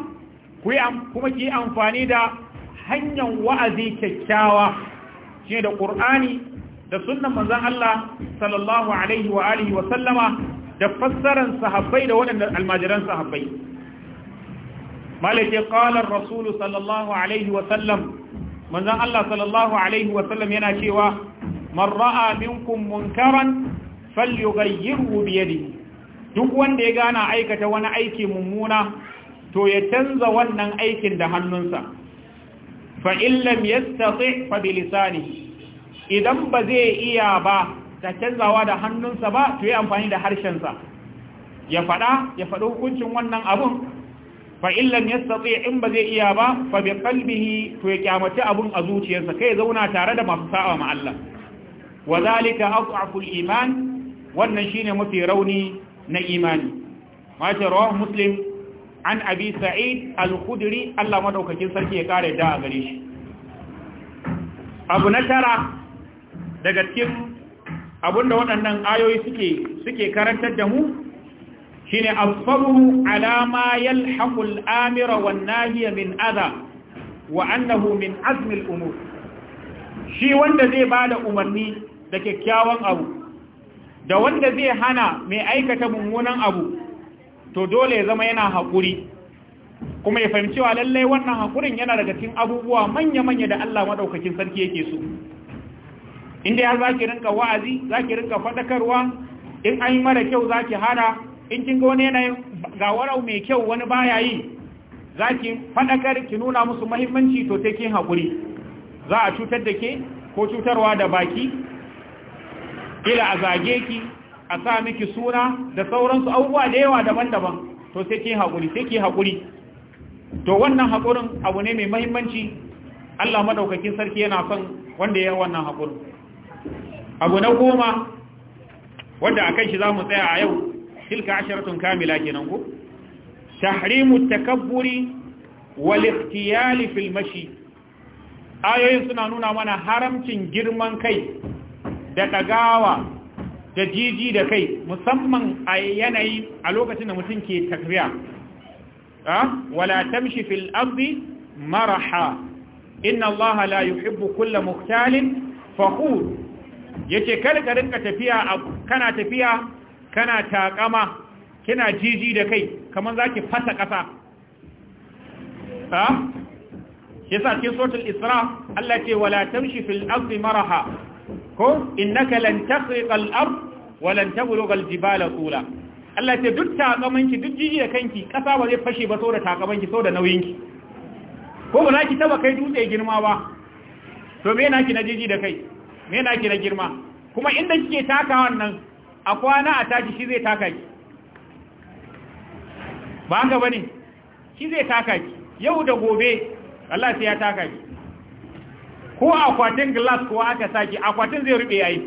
kuma ki amfani da hanyar wa'azi kyakkyawa shi da ƙur'ani da sunan manzan Allah sallallahu Alaihi wa Alihi da fassaran sahabbai da waɗanda almajiran sahabbai malake qalar rasulu sallallahu alaihi Allah sallallahu alaihi wa yana cewa man ra'a minkum munkaran falyughayyirhu bi duk wanda ya gana aikata wani aiki mummuna to ya canza wannan aikin da hannunsa fa in lam yastati fa bi lisanihi idan ba zai iya ba da canzawa da hannunsa ba to yi amfani da harshensa ya faɗa ya faɗi hukuncin wannan abun fa'illan illan yastati in ba zai iya ba fa bi qalbihi to ya kyamaci abun a zuciyarsa kai zauna tare da masu sa'a ma Allah wa zalika a al-iman wannan shine mafi rauni na imani ma ta muslim an abi sa'id al Allah maɗaukacin sarki ya kare da a gare shi abu na tara daga cikin abinda waɗannan ayoyi suke karantar da mu shine asfaru ala ma yalhaqu al-amira wan nahiya min adha wa annahu min azmil al-umur shi wanda zai ba da umarni da kyakkyawan abu da wanda zai hana mai aikata mummunan abu to dole ya zama yana hakuri kuma ya fahimci wa lallai wannan hakurin yana daga cikin abubuwa manya-manya da Allah madaukakin sarki yake so inda ya zaki rinka wa'azi zaki rinka faɗakarwa, in an yi mara kyau zaki hana in kin ga wani yanayin ga warau mai kyau wani baya yi za ki faɗakar ki nuna musu mahimmanci to sai kin haƙuri za a cutar da ke ko cutarwa da baki ila a zage ki a sa miki suna da sauransu abubuwa da yawa daban-daban to sai kin haƙuri sai ki haƙuri to wannan haƙurin abu ne mai mahimmanci Allah madaukakin sarki yana son wanda ya wannan haƙurin abu na goma wanda a kan shi za mu tsaya a yau tilka asharatun kamila kenan ko tahrimu takabburi wal ikhtiyali fil mashi ayoyin suna nuna mana haramcin girman kai da dagawa da jiji da kai musamman a yanayi a lokacin da mutum ke takriya ah, wala tamshi fil ardi maraha inna allaha la yuhibbu kulla muhtalin fakhur yace kada ka rinka tafiya kana tafiya kana taƙama, kina jiji da kai kamar za ki fasa kasa ha yasa cikin suratul isra Allah ce wala tamshi fil ardi maraha ko innaka lan tasriqa al ard wa lan tablugha al jibala tula Allah ce duk ki duk jiji da kanki kasa ba zai fashe ba saboda takamanki saboda ki. ko ba za ki taba kai dutse girma ba to me naki na jiji da kai me naki na girma kuma inda kike taka wannan. a kwana a tashi shi zai taka ki ba an gaba ne shi zai taka ki yau da gobe Allah sai ya taka ki ko akwatin glass ko aka saki akwatin zai rube yayi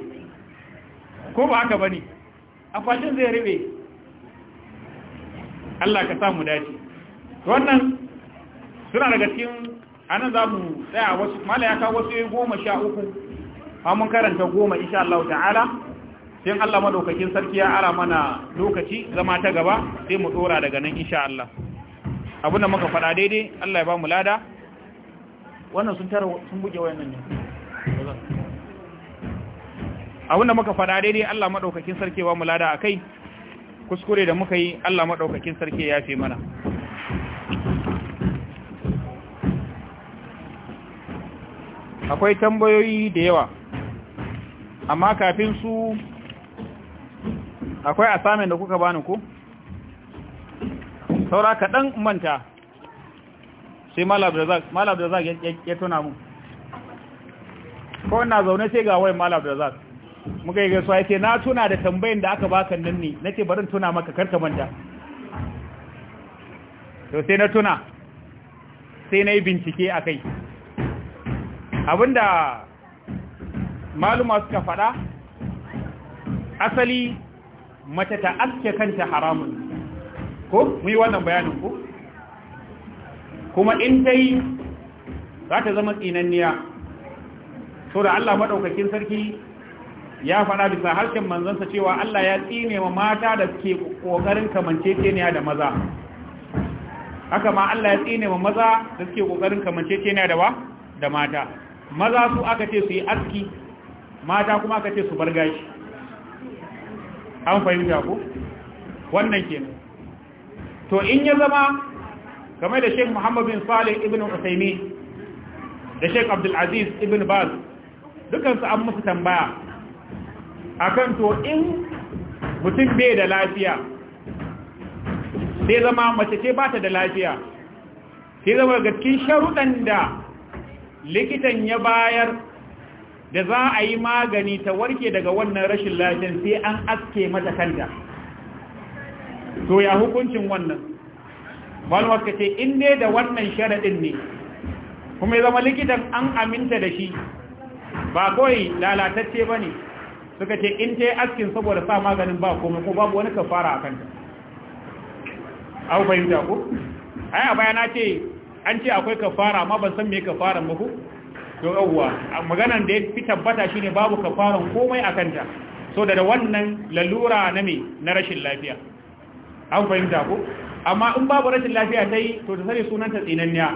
ko ba haka bane akwatin zai rube Allah ka samu dace wannan suna daga cikin anan za mu tsaya wasu mala ya kawo wasu goma sha uku mun karanta goma insha Allah ta'ala sai Allah madaukakin sarki ya ara mana lokaci zama ta gaba sai mu dora daga nan insha Allah Abunda muka faɗa daidai Allah ya ba mu lada wannan sun tara sun buge wayannan ne Abunda muka faɗa daidai Allah madaukakin sarki ba mu lada akai kuskure da muka yi Allah madaukakin sarki ya fi mana akwai tambayoyi da yawa amma kafin su akwai asamin da kuka bani ku saura kaɗan manta sai malam da zag ya tuna mu ko na zaune sai ga wai malam da zag muka yi gaisuwa ya ce na tuna da tambayin da aka baka nan ne na ce barin tuna maka karka manta to sai na tuna sai na yi bincike a kai abinda maluma suka faɗa asali mace ta aske kanta haramun ko mu yi wannan bayanin ku kuma in ta yi za ta zama tsinanniya so da Allah maɗaukakin sarki ya faɗa bisa harshen manzansa cewa Allah ya tsine wa mata da ke ƙoƙarin kamanceceniya da maza haka ma Allah ya tsine wa maza da suke ƙoƙarin kamanceceniya da wa da mata maza su aka ce su yi aski mata kuma aka ce su bar gashi an fahimta ko wannan kenan to in ya zama game da Sheikh Muhammad bin Salih ibn Uthaymeen da Sheikh Abdulaziz ibn Baz dukan an musu tambaya akan to in mutum bai da lafiya sai zama mace ce ba ta da lafiya sai zama ga cikin sharuɗan da likitan ya bayar da za a yi magani ta warke daga wannan rashin lafiyan sai an aske mata kanta to ya hukuncin wannan balwar ka ce in dai da wannan sharaɗin ne kuma ya zama likitan an aminta da shi ba kawai lalatacce ba ne suka ce in ta yi askin saboda sa maganin ba kuma ko babu wani kafara a kanta au fahimta ku ai a baya na ce an ce akwai kafara ma ban san me kafaran ba ku to yawwa maganan da ya fi tabbata shi ne babu kafaran komai a kanta so da wannan lalura na me na rashin lafiya an fahimta ko amma in babu rashin lafiya ta yi to ta sani sunanta tsinanniya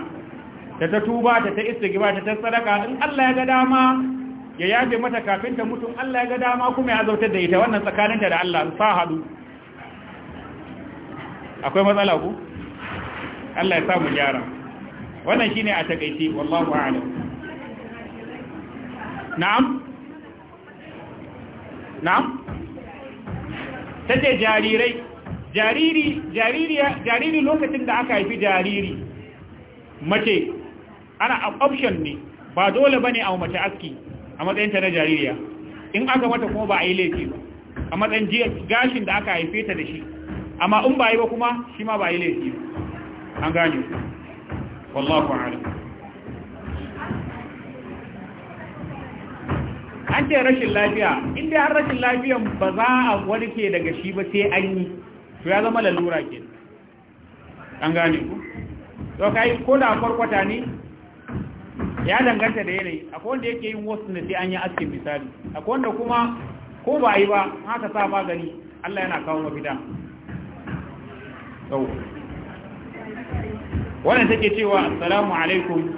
Ta ta tuba ta ta giba ta ta sadaka in Allah ya ga dama ya yafe mata kafin ta mutum Allah ya ga dama kuma ya zautar da ita wannan tsakaninta da Allah sa hadu akwai matsala ku Allah ya samu gyara wannan shine a takaice wallahu a'lam na'am na'am ta jarirai jariri jariri lokacin da aka haifi jariri mace ana option ne ba dole bane a mace aski a matsayin ta na jaririya in aka mata kuma ba a yi laifi ba a matsayin gashin da aka haife ta da shi amma in ba yi ba kuma shi ma ba a yi laifi ba an gane wallahu a'lam an ce rashin lafiya inda har rashin lafiyan ba za a warke daga shi ba sai an yi to ya zama lalura ke an gane ku to kai ko da farkwata ne ya danganta da yanayi akwai wanda yake yin wasu da sai an yi askin misali akwai wanda kuma ko ba yi ba haka sa magani Allah yana kawo mafita sau wannan take cewa assalamu alaikum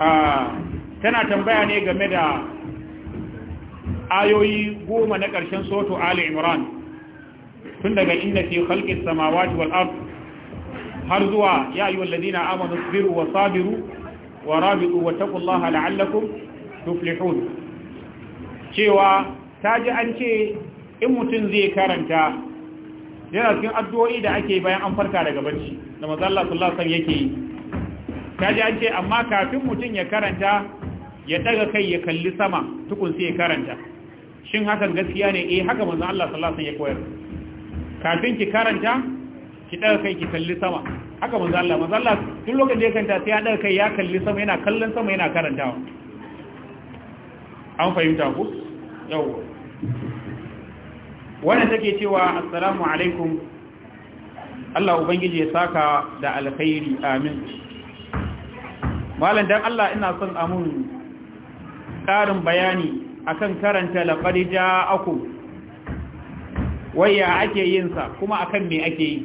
ah, tana tambaya ne game da ayoyi goma na ƙarshen soto ali imran tun daga inda fi halƙin samawati wal ard har zuwa ya yi ayyuhal ladina amanu sabiru wa sabiru wa rabitu wa taqullaha la'allakum tuflihun cewa ta ji an ce in mutum zai karanta yana cikin addu'o'i da ake bayan an farka daga barci, da manzo Allah yake yi Ta ji an ce amma kafin mutum ya karanta ya daga kai ya kalli sama tukun sai ya karanta shin hakan gaskiya ne eh haka manzon Allah sallallahu alaihi wasallam ya koyar kafin ki karanta ki daga kai ki kalli sama haka manzon Allah manzon Allah duk lokacin da ya kanta sai ya daga kai ya kalli sama yana kallon sama yana karantawa an fahimta ku yawa wannan take cewa assalamu alaikum Allah ubangiji ya saka da alkhairi amin malam dan Allah ina son amun ƙarin bayani akan karanta laqad ja'akum waya ake yinsa sa kuma akan me ake yi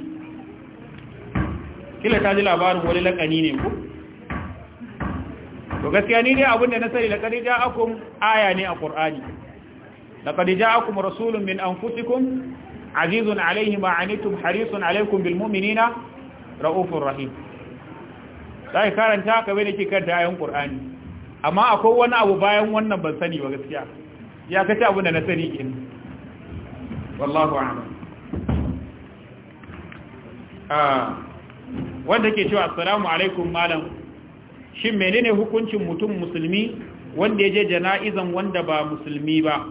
kila ta ji labarin wani lakani ne ku to gaskiya ni dai abinda na sani laqad ja'akum aya ne a qur'ani laqad ja'akum rasulun min anfusikum azizun alayhi ma anitum harisun alaykum bil mu'minina raufur rahim sai karanta ka bai da ke karanta ayan qur'ani amma akwai wani abu bayan wannan ban sani ba gaskiya ya kace abin da na sani kin wallahu a'lam ah wanda ke cewa assalamu alaikum malam shin menene hukuncin mutum musulmi wanda ya je jana'izan wanda ba musulmi ba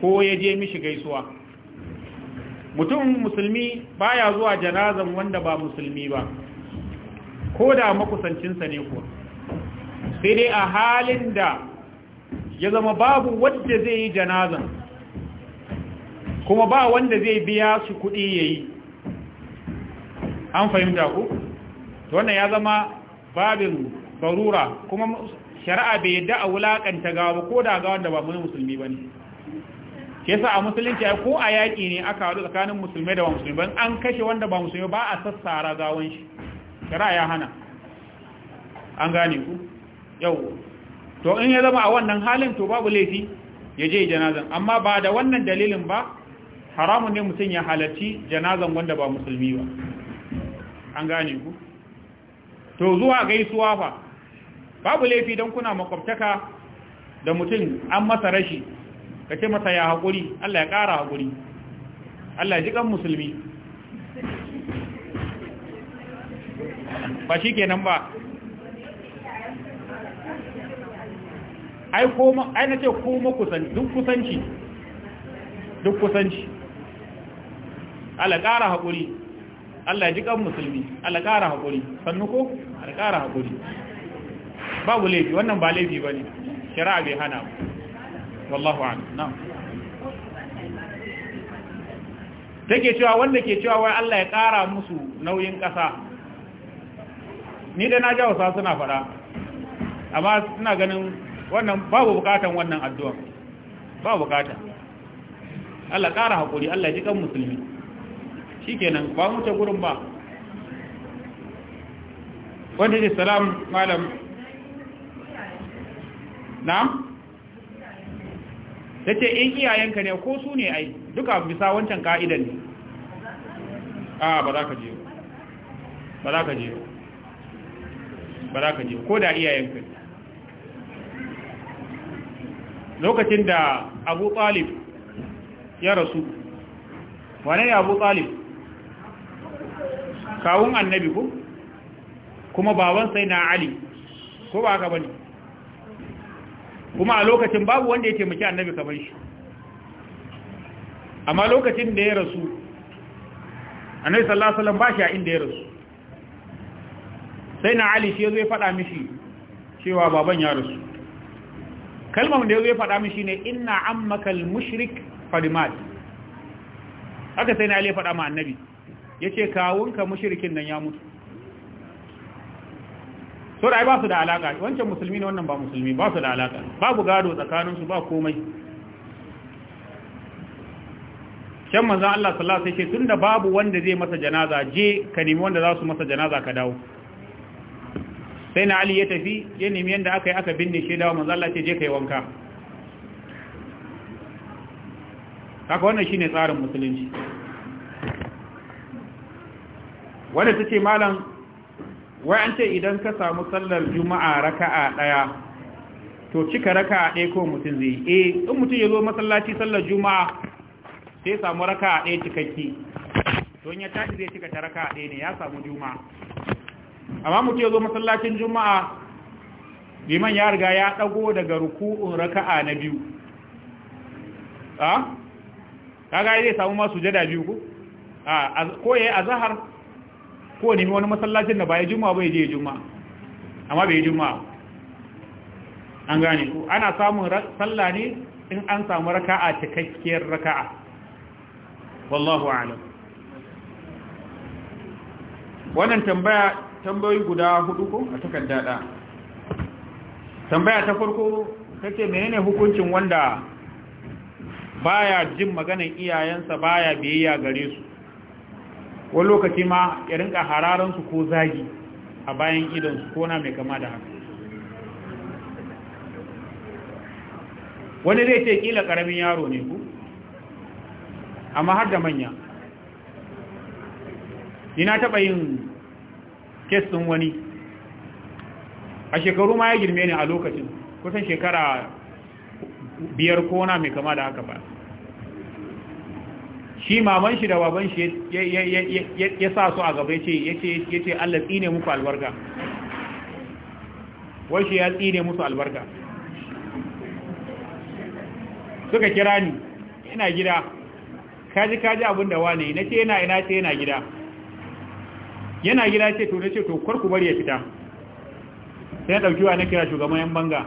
ko ya je mishi gaisuwa mutum musulmi baya zuwa jana'izan wanda ba musulmi ba ko da makusancinsa ne kuwa sai dai a halin da ya zama babu wadda zai yi janazan kuma ba wanda zai biya shi kuɗi ya yi an fahimta ku wannan ya zama babin barura kuma shari'a bai yadda a wulaƙanta gawa ko da gawa wanda ba muni musulmi ba ne ke sa a musulunci ko a yaƙi ne aka wadu tsakanin musulmai da ba musulmi ba an kashe wanda ba musulmi ba a sassara gawon shi shari'a ya hana an gane ku yau to in ya zama a wannan halin to babu laifi ya je janazan amma ba da wannan dalilin ba haramun ne mutum ya halarci janazan wanda ba musulmi ba an gane ku to zuwa gaisuwa fa babu laifi don kuna makwabtaka da mutum an masa rashi ka ce masa ya haƙuri Allah ya ƙara haƙuri Allah ji kan musulmi ba shi kenan ba ai koma ai nace kuma kusanci duk kusanci duk kusanci Allah ƙara haƙuri Allah ji kan musulmi Allah ƙara haƙuri sannu ko Allah ƙara haƙuri babu laifi wannan ba laifi bane shari'a bai hana ba. wallahu a'lam na'am take cewa wanda ke cewa wai Allah ya ƙara musu nauyin ƙasa ni da na jawo wasa suna fara amma suna ganin wannan babu bukatan wannan addu'a babu bukata Allah ƙara haƙuri Allah ji kan musulmi shikenan ba mu ta gurin ba wanda ji salam malam na'am ce in iyayenka ne ko su ne ai duka bisa wancan ka'idan ne a ba za ka je ba za ka je ba za ka je ko da iyayenka ne lokacin da abu talib ya rasu wane ne abu talib kawun annabi ko kuma baban sai na ali ko ba haka bani kuma a lokacin babu wanda ya taimaki annabi kamar shi amma lokacin da ya rasu annabi sallallahu alaihi wasallam ba shi a inda ya rasu sai na ali shi ya zo ya faɗa mishi cewa baban ya rasu kalmar da ya zo ya faɗa min ne inna an makal mushrik fadimat haka sai na ya faɗa ma annabi ce kawunka mushrikin nan ya mutu so da ai ba su da alaka wancan musulmi ne wannan ba musulmi ba su da alaka babu gado tsakaninsu ba komai can manzan Allah sallallahu alaihi wasallam sai ce da babu wanda zai masa janaza je ka nemi wanda za su masa janaza ka dawo sai na ali ya tafi ya nemi yadda aka yi aka binne shi dawo manzo Allah ce je yi wanka haka wannan shine tsarin musulunci wanda ce malam wai an ce idan ka samu sallar juma'a raka'a daya to cika raka'a daya ko mutum zai e in mutum ya zo masallaci sallar juma'a sai samu raka'a daya cikakki don ya tashi zai cika ta raka'a daya ne ya samu juma'a amma mutu ya zo masallacin juma'a liman ya riga ya dago daga ruku'un raka'a na biyu a kaga zai samu ma sujada biyu ko a ko yayi azhar ko ne wani masallacin da ba ya juma'a ba ya je juma'a amma bai juma'a an gane ko ana samun sallah ne in an samu raka'a cikakkiyar raka'a wallahu a'lam wannan tambaya tambayoyi guda hudu ko a takarda da tambaya ta farko kace menene hukuncin wanda baya jin maganar iyayensa baya biyayya gare su wani lokaci ma ya rinka hararan su ko zagi a bayan idan su ko mai kama da haka wani zai ce kila karamin yaro ne ku amma har da manya ina taɓa yin kes ɗin wani a shekaru ma ya girme ne a lokacin kusan shekara biyar kona mai kama da haka ba shi maman shi da baban shi ya sa su a gaba ya ce Allah tsine muku albarka washe ya tsine musu albarka suka kira ni ina gida kaji kaji abin da wane na ce yana ina ce yana gida yana gida ce to na ce to kar ku bari ya fita sai dauki wa na kira shugaban yan banga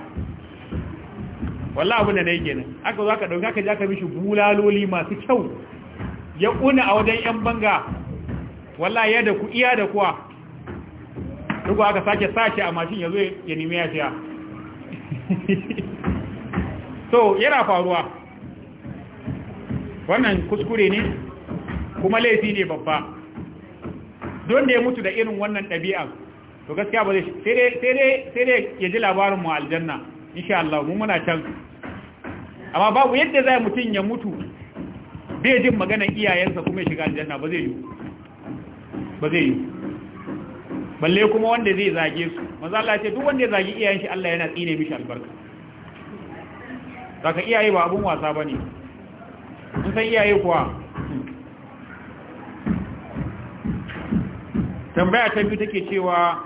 wallahi abin da nayi kenan aka zo aka dauki aka ji aka mishi bulaloli masu kyau ya kuna a wajen yan banga wallahi ya da ku iya da kuwa duk aka sake sake a mashin yazo ya nemi ya fiya so yana faruwa wannan kuskure ne kuma laifi ne babba don da ya mutu da irin wannan ɗabi'a to gaskiya ba zai sai dai ya ji labarin mu aljanna insha Allah mu muna can amma babu yadda zai mutum ya mutu bai jin magana iyayensa kuma ya shiga aljanna ba zai yi ba zai yi balle kuma wanda zai zage su manzo Allah ce duk wanda ya zagi iyayen shi Allah yana tsine mishi albarka saka iyaye ba abun wasa bane kun san iyaye kuwa tambaya ta biyu take cewa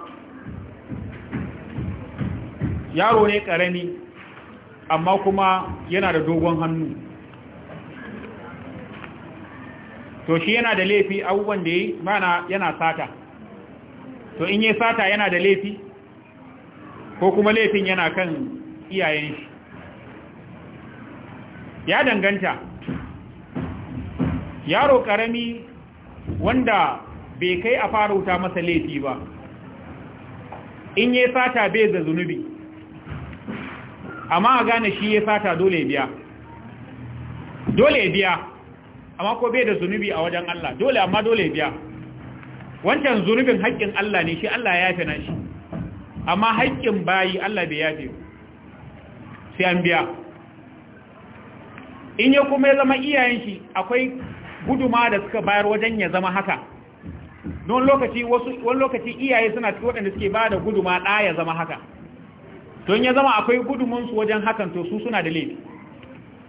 yaro ne karami amma kuma yana da dogon hannu to shi yana da laifi abubuwan da yi mana yana sata to in yi sata yana da laifi ko kuma laifin yana kan iyayen shi ya danganta yaro karami wanda bai kai a fara wuta masa laifi ba in ya sata bai da zunubi amma a gane shi ya sata dole biya dole biya amma ko bai da zunubi a wajen Allah dole amma dole biya wancan zunubin haƙƙin Allah ne shi Allah ya yafe na shi amma haƙƙin bayi Allah bai yafe sai an biya in yi kuma ya zama iyayen shi akwai guduma da suka bayar wajen ya zama haka don lokaci wasu wani lokaci iyaye suna ci waɗanda suke ba da guduma ɗa ya zama haka don ya zama akwai gudumansu wajen hakan to su suna da laifi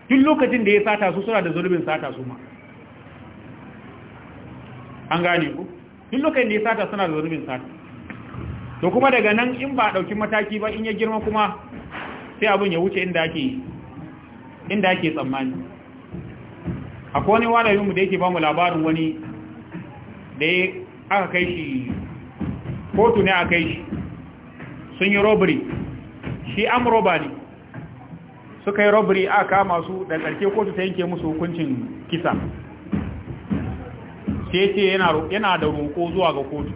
duk lokacin da ya sata su suna da zulubin sata su ma an gane ku duk lokacin da ya sata suna da zulubin sata to kuma daga nan in ba ɗauki mataki ba in ya girma kuma sai abin ya wuce inda ake inda ake tsammani akwai wani wani mu da yake ba mu labarin wani da ya aka kai shi kotu ne aka kai shi sun yi robbery shi am roba ne suka yi robbery aka kama su da ƙarfe kotu ta yanke musu hukuncin kisa sai ce yana da roƙo zuwa ga kotu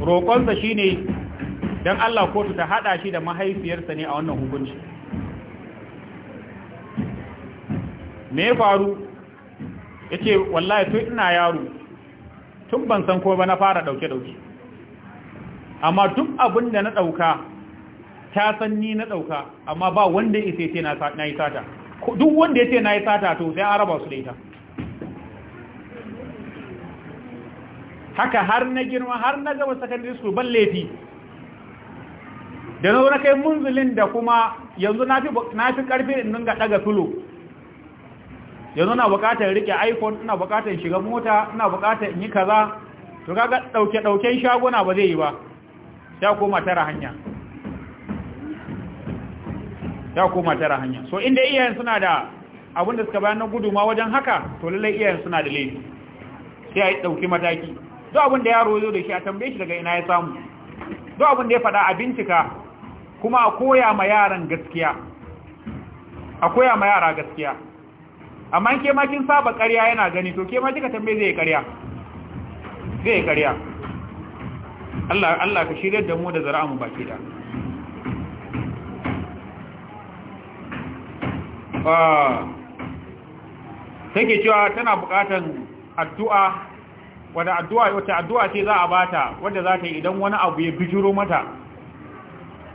roƙonsa shi ne don Allah kotu ta haɗa shi da mahaifiyarsa ne a wannan hukunci me faru ya ce wallahi tun ina yaro tun ban san ko ba na fara ɗauke-ɗauke amma duk abin da na ɗauka ta san ni na ɗauka amma ba wanda ya ce na yi sata duk wanda ya ce na yi sata to sai an su da ita haka har na girma har na gaba secondary school ban laifi da na zo na kai munzulin da kuma yanzu na fi ƙarfi in ga ɗaga tulo yanzu na bukatar rike iphone ina bukatar shiga mota ina bukatar in yi kaza to kaga dauke dauken shaguna ba zai yi ba ya koma tara hanya ya koma tara hanya so inda iyayen suna da abin da suka bayan na guduma wajen haka to lallai iyayen suna da laifi sai a dauki mataki duk abin da yaro zo da shi a tambaye shi daga ina ya samu duk abin da ya faɗa a bincika kuma a koya ma yaran gaskiya a koya ma yara gaskiya amma ke ma kin saba ƙarya yana gani to ke ma kika tambaye zai ƙarya zai ƙarya Allah Allah ka shirye da mu da zara'a mu baki da take ah. cewa tana buƙatan addu'a wanda addu'a wata addu'a ce za a bata wanda za ta yi idan wani abu ya bijiro mata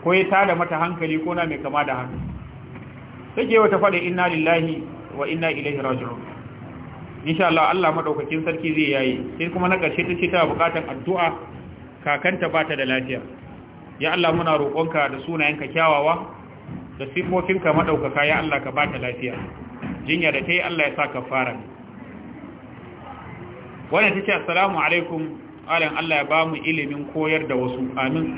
ko ya tada mata hankali ko na mai kama da hannu take wata faɗi inna lillahi wa inna ilaihi raji'un insha Allah Allah madaukakin sarki zai yayi sai kuma na karshe ce ta bukatun addu'a kakanta bata da lafiya ya Allah muna roƙonka da sunayenka kyawawa da sifofinka madaukaka ya Allah ka bata lafiya jinya da kai Allah ya sa kafara wannan tace assalamu alaikum alan Allah ya bamu ilimin koyar da wasu amin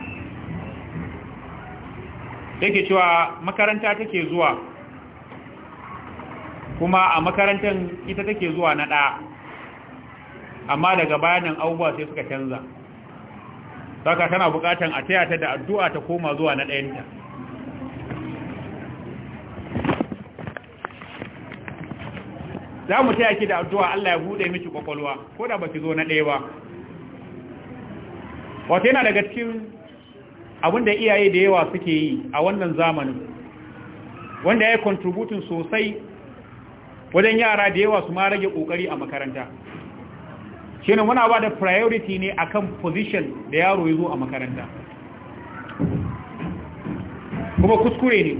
take cewa makaranta take zuwa kuma a makarantar ita take zuwa na ɗaya amma daga bayanin abubuwa sai suka canza saka tana bukatan a taya ta da addu'a ta koma zuwa na ɗayanta za mu taya ki da addu'a Allah ya buɗe miki kwakwalwa ko da ba ki zo na ɗaya ba wata yana daga cikin abinda iyaye da yawa suke yi a wannan zamanin wanda ya yi kontributin sosai wajen yara da yawa su ma rage kokari a makaranta shine muna ba da priority ne akan position da yaro ya zo a makaranta kuma kuskure ne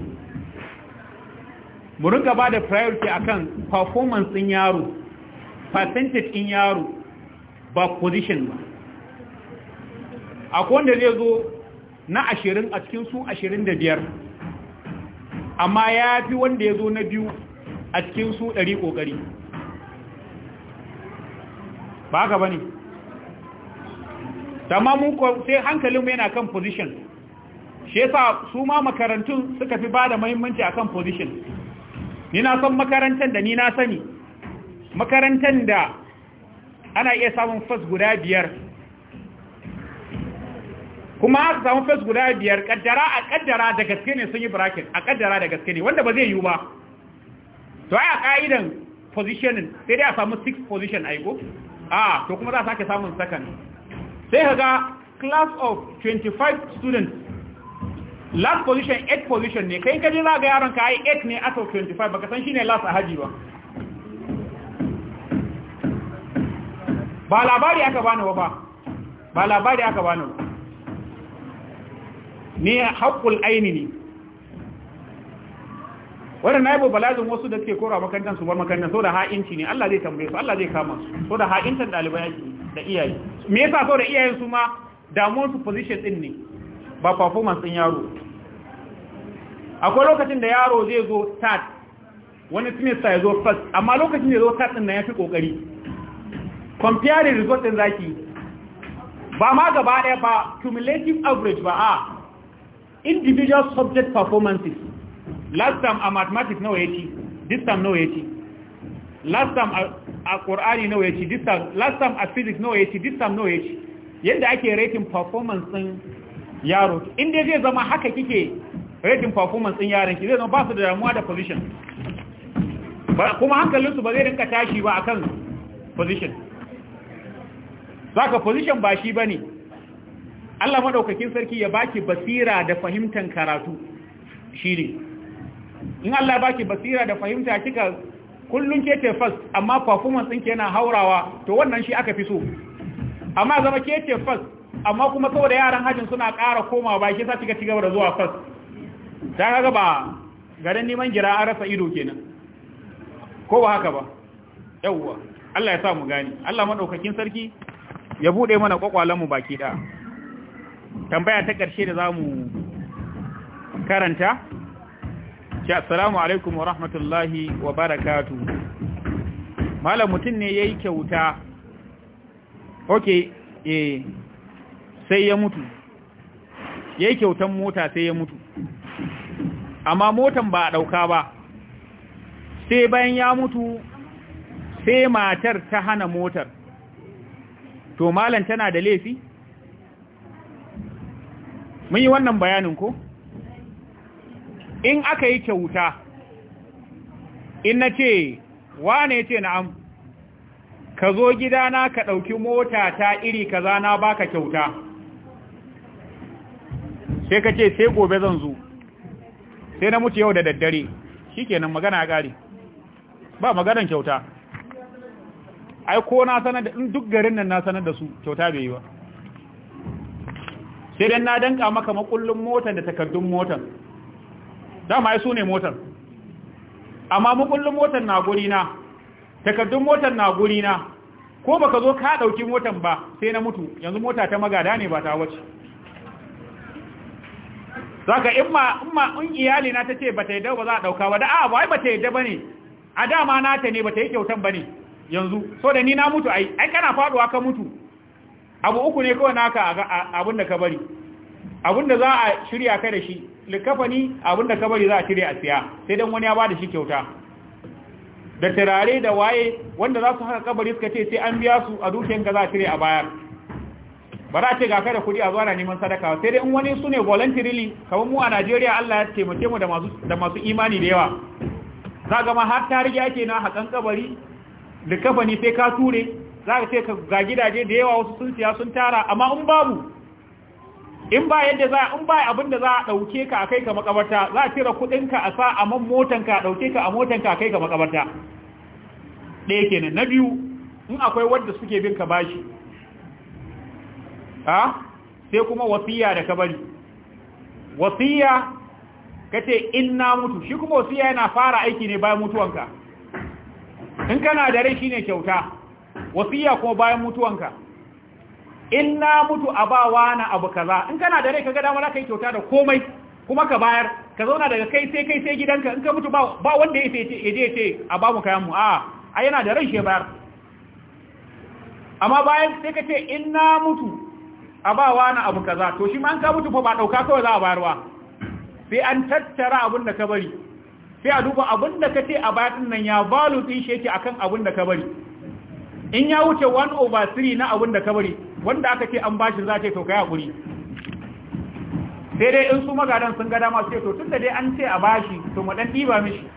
mu rinka ba da priority akan performance din yaro percentage din yaro ba position ba akwai wanda zai zo na ashirin a cikin su ashirin da biyar amma ya fi wanda ya zo na biyu a cikin su ɗari ƙoƙari ba ka ba ne ko sai hankalinmu yana kan position shi yasa su ma makarantun suka fi ba da mahimmanci a kan position ni na son makarantar da ni na sani makarantar da ana iya samun fas guda biyar kuma aka samu fas guda biyar kaddara a kaddara da gaske ne sun yi bracket a kaddara da gaske ne wanda ba zai yiwu ba to a ka'idan positioning sai dai a samu six position a ko. a to kuma za a sake samun second sai ka ga class of 25 students last position 8 position ne kai kaji za ga yaron ka yi 8 ne out of 25 baka san shine last a haji ba ba labari aka bani ba ba ba labari aka bani ba ni haƙul aini ne waɗanda ya balazin wasu da suke kora makarantar su bar makarantar saboda da ha'inci ne Allah zai tambaye su Allah zai kama su saboda da ha'intar yake da iyaye me yasa saboda da iyayen su ma damuwar su position din ne ba performance din yaro akwai lokacin da yaro zai zo start wani semester ya zo first amma lokacin da ya zo start din nan ya fi kokari compare result din zaki ba ma gaba ɗaya ba cumulative average ba a individual subject performances last time a mathematics nawa ya ci this time nawa ya ci last time a qur'ani nawa ya ci this time last time a physics nawa ya ci this time nawa ya ci yadda ake rating performance din yaro inda zai zama haka kike rating performance din yaron ki zai zama ba su da damuwa da position kuma su ba zai rinka tashi ba akan position zaka position ba shi bane Allah madaukakin sarki ya baki basira da fahimtar karatu shine in Allah baki basira da fahimta kika kullun ke ce first amma performance ɗinki yana haurawa to wannan shi aka fi so amma zama ke ce first amma kuma saboda yaran hajin suna ƙara koma ba ke sa kika ci gaba da zuwa first ta kaga ba garin neman gira an rasa ido kenan ko ba haka ba yawwa Allah ya sa mu gani Allah madaukakin sarki ya bude mana kwakwalan mu baki da tambaya ta ƙarshe da zamu karanta ce assalamu alaikum wa rahmatullahi wa barakatu malam mutum ne ya yi kyauta ok eh sai ya mutu ya yi kyautan mota sai ya mutu amma motan ba a ɗauka ba sai bayan ya mutu sai matar ta hana motar to malam tana da laifi mun yi wannan bayanin ko? in aka yi kyauta in na ce wane ce na'am ka zo gidana ka ɗauki mota ta iri kaza na baka kyauta sai ka ce sai gobe zan zo sai na mutu yau da daddare shi kenan magana gari ba maganan kyauta ai ko na sanar da duk garin nan na sanar da su kyauta bai yi ba sai dan na danka maka makullin motar da takardun motar dama ya sune motar amma mukullin motar na gurina takardun motar na gurina ko baka zo ka dauki motar ba sai na mutu yanzu mota ta magada ne ba ta wace zaka in ma in ma in iyali na tace ta yadda ba za a dauka ba da a ba ta yadda bane a dama nata ne ba ta yi kyautan bane yanzu so da ni na mutu ai ai kana faduwa ka mutu abu uku ne kawai naka abin da ka bari abin da za a shirya ka da shi likafani abinda ka bari za a cire a siya sai dan wani ya bada shi kyauta da turare da waye wanda za su haka kabari suka ce sai an biya su a ka za a cire a bayar ba za a ce ga kai da kuɗi a zuwa neman sadaka sai dai in wani su ne voluntarily kamar mu a Najeriya Allah ya taimake mu da masu da masu imani da yawa za ga ma har tarihi ake na hakan kabari likafani sai ka ture za ka ce ga gidaje da yawa wasu sun siya sun tara amma in babu in ba yadda za in ba abin da za a dauke ka akai ka makabarta za a tira kudin ka a sa a man motan ka dauke ka a motan ka akai ka makabarta ɗaya kenan na biyu in akwai wanda suke bin ka bashi ha sai kuma wasiya da ka wasiya kace in na mutu shi kuma wasiya yana fara aiki ne bayan mutuwanka in kana da rai shine kyauta wasiya kuma bayan mutuwanka in na mutu a ba wani abu kaza in kana da rai ka ga damar ka yi kyauta da komai kuma ka bayar ka zauna daga kai sai kai sai gidanka in ka mutu ba wanda ya je ce a ba mu kayan mu a a yana da rai shi bayar amma bayan sai ka ce in na mutu a ba wani abu kaza to shi ma an ka mutu fa ba dauka kawai za a bayarwa sai an tattara abin da ka bari sai a duba abin da ka ce a bayan nan ya balu din shi yake akan abin da ka bari in ya wuce 1 over 3 na abin da ka bari wanda aka ce an bashi za ce to kai hakuri sai dai in su magadan sun ga dama su ce to tunda dai an ce a bashi to mu dan diba mishi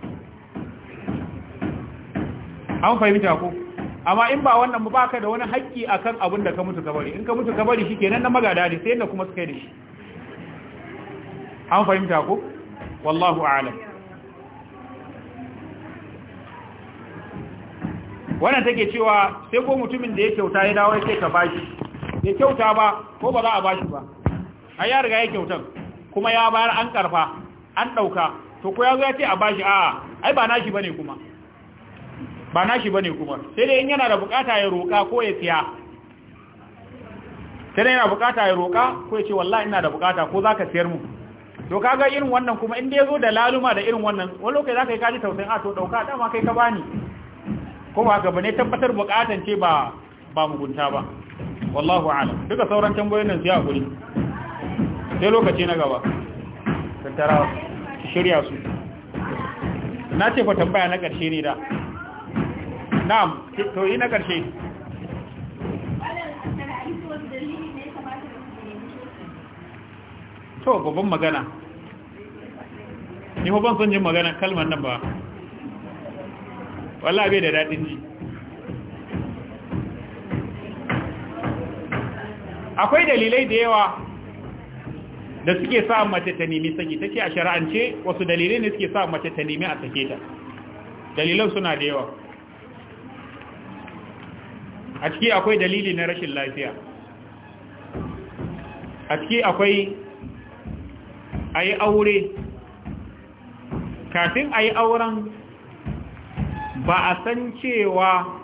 an fahimci ko amma in ba wannan mu baka da wani haƙƙi akan abin da ka mutu ka bari in ka mutu ka bari kenan na magada ne sai da kuma suka yi da shi an fahimci ko wallahu a'lam wannan take cewa sai ko mutumin da ya kyauta ya dawo ya ce ka bashi bai kyauta ba ko ba za a bashi ba a ya riga ya kyautan kuma ya bayar an karfa an ɗauka to ko ya zo ya ce a bashi a ai ba nashi bane kuma ba nashi bane kuma sai dai in yana da bukata ya roƙa ko ya siya sai dai yana bukata ya roƙa ko ya ce wallahi ina da bukata ko zaka siyar mu to kaga irin wannan kuma in dai zo da laluma da irin wannan wani lokaci zaka yi kaji tausayin a to dauka dama kai ka bani ko ba ga bane tabbatar bukatan ce ba ba mugunta ba wallahu alam duka sauran tambayoyin nan sai hakuri sai lokaci na gaba tattara shirya su na ce fa tambaya na ƙarshe ne da na'am to yi na ƙarshe to babban magana ni babban ban son magana kalmar nan ba wallahi bai da dadin ji akwai dalilai da yawa da suke sa mace ta nemi saki ce a shari'ance wasu dalilai ne suke sa mace ta nemi a sake ta dalilan suna da yawa a ciki akwai dalili na rashin lafiya a ciki akwai a yi aure kafin a yi auren ba a san cewa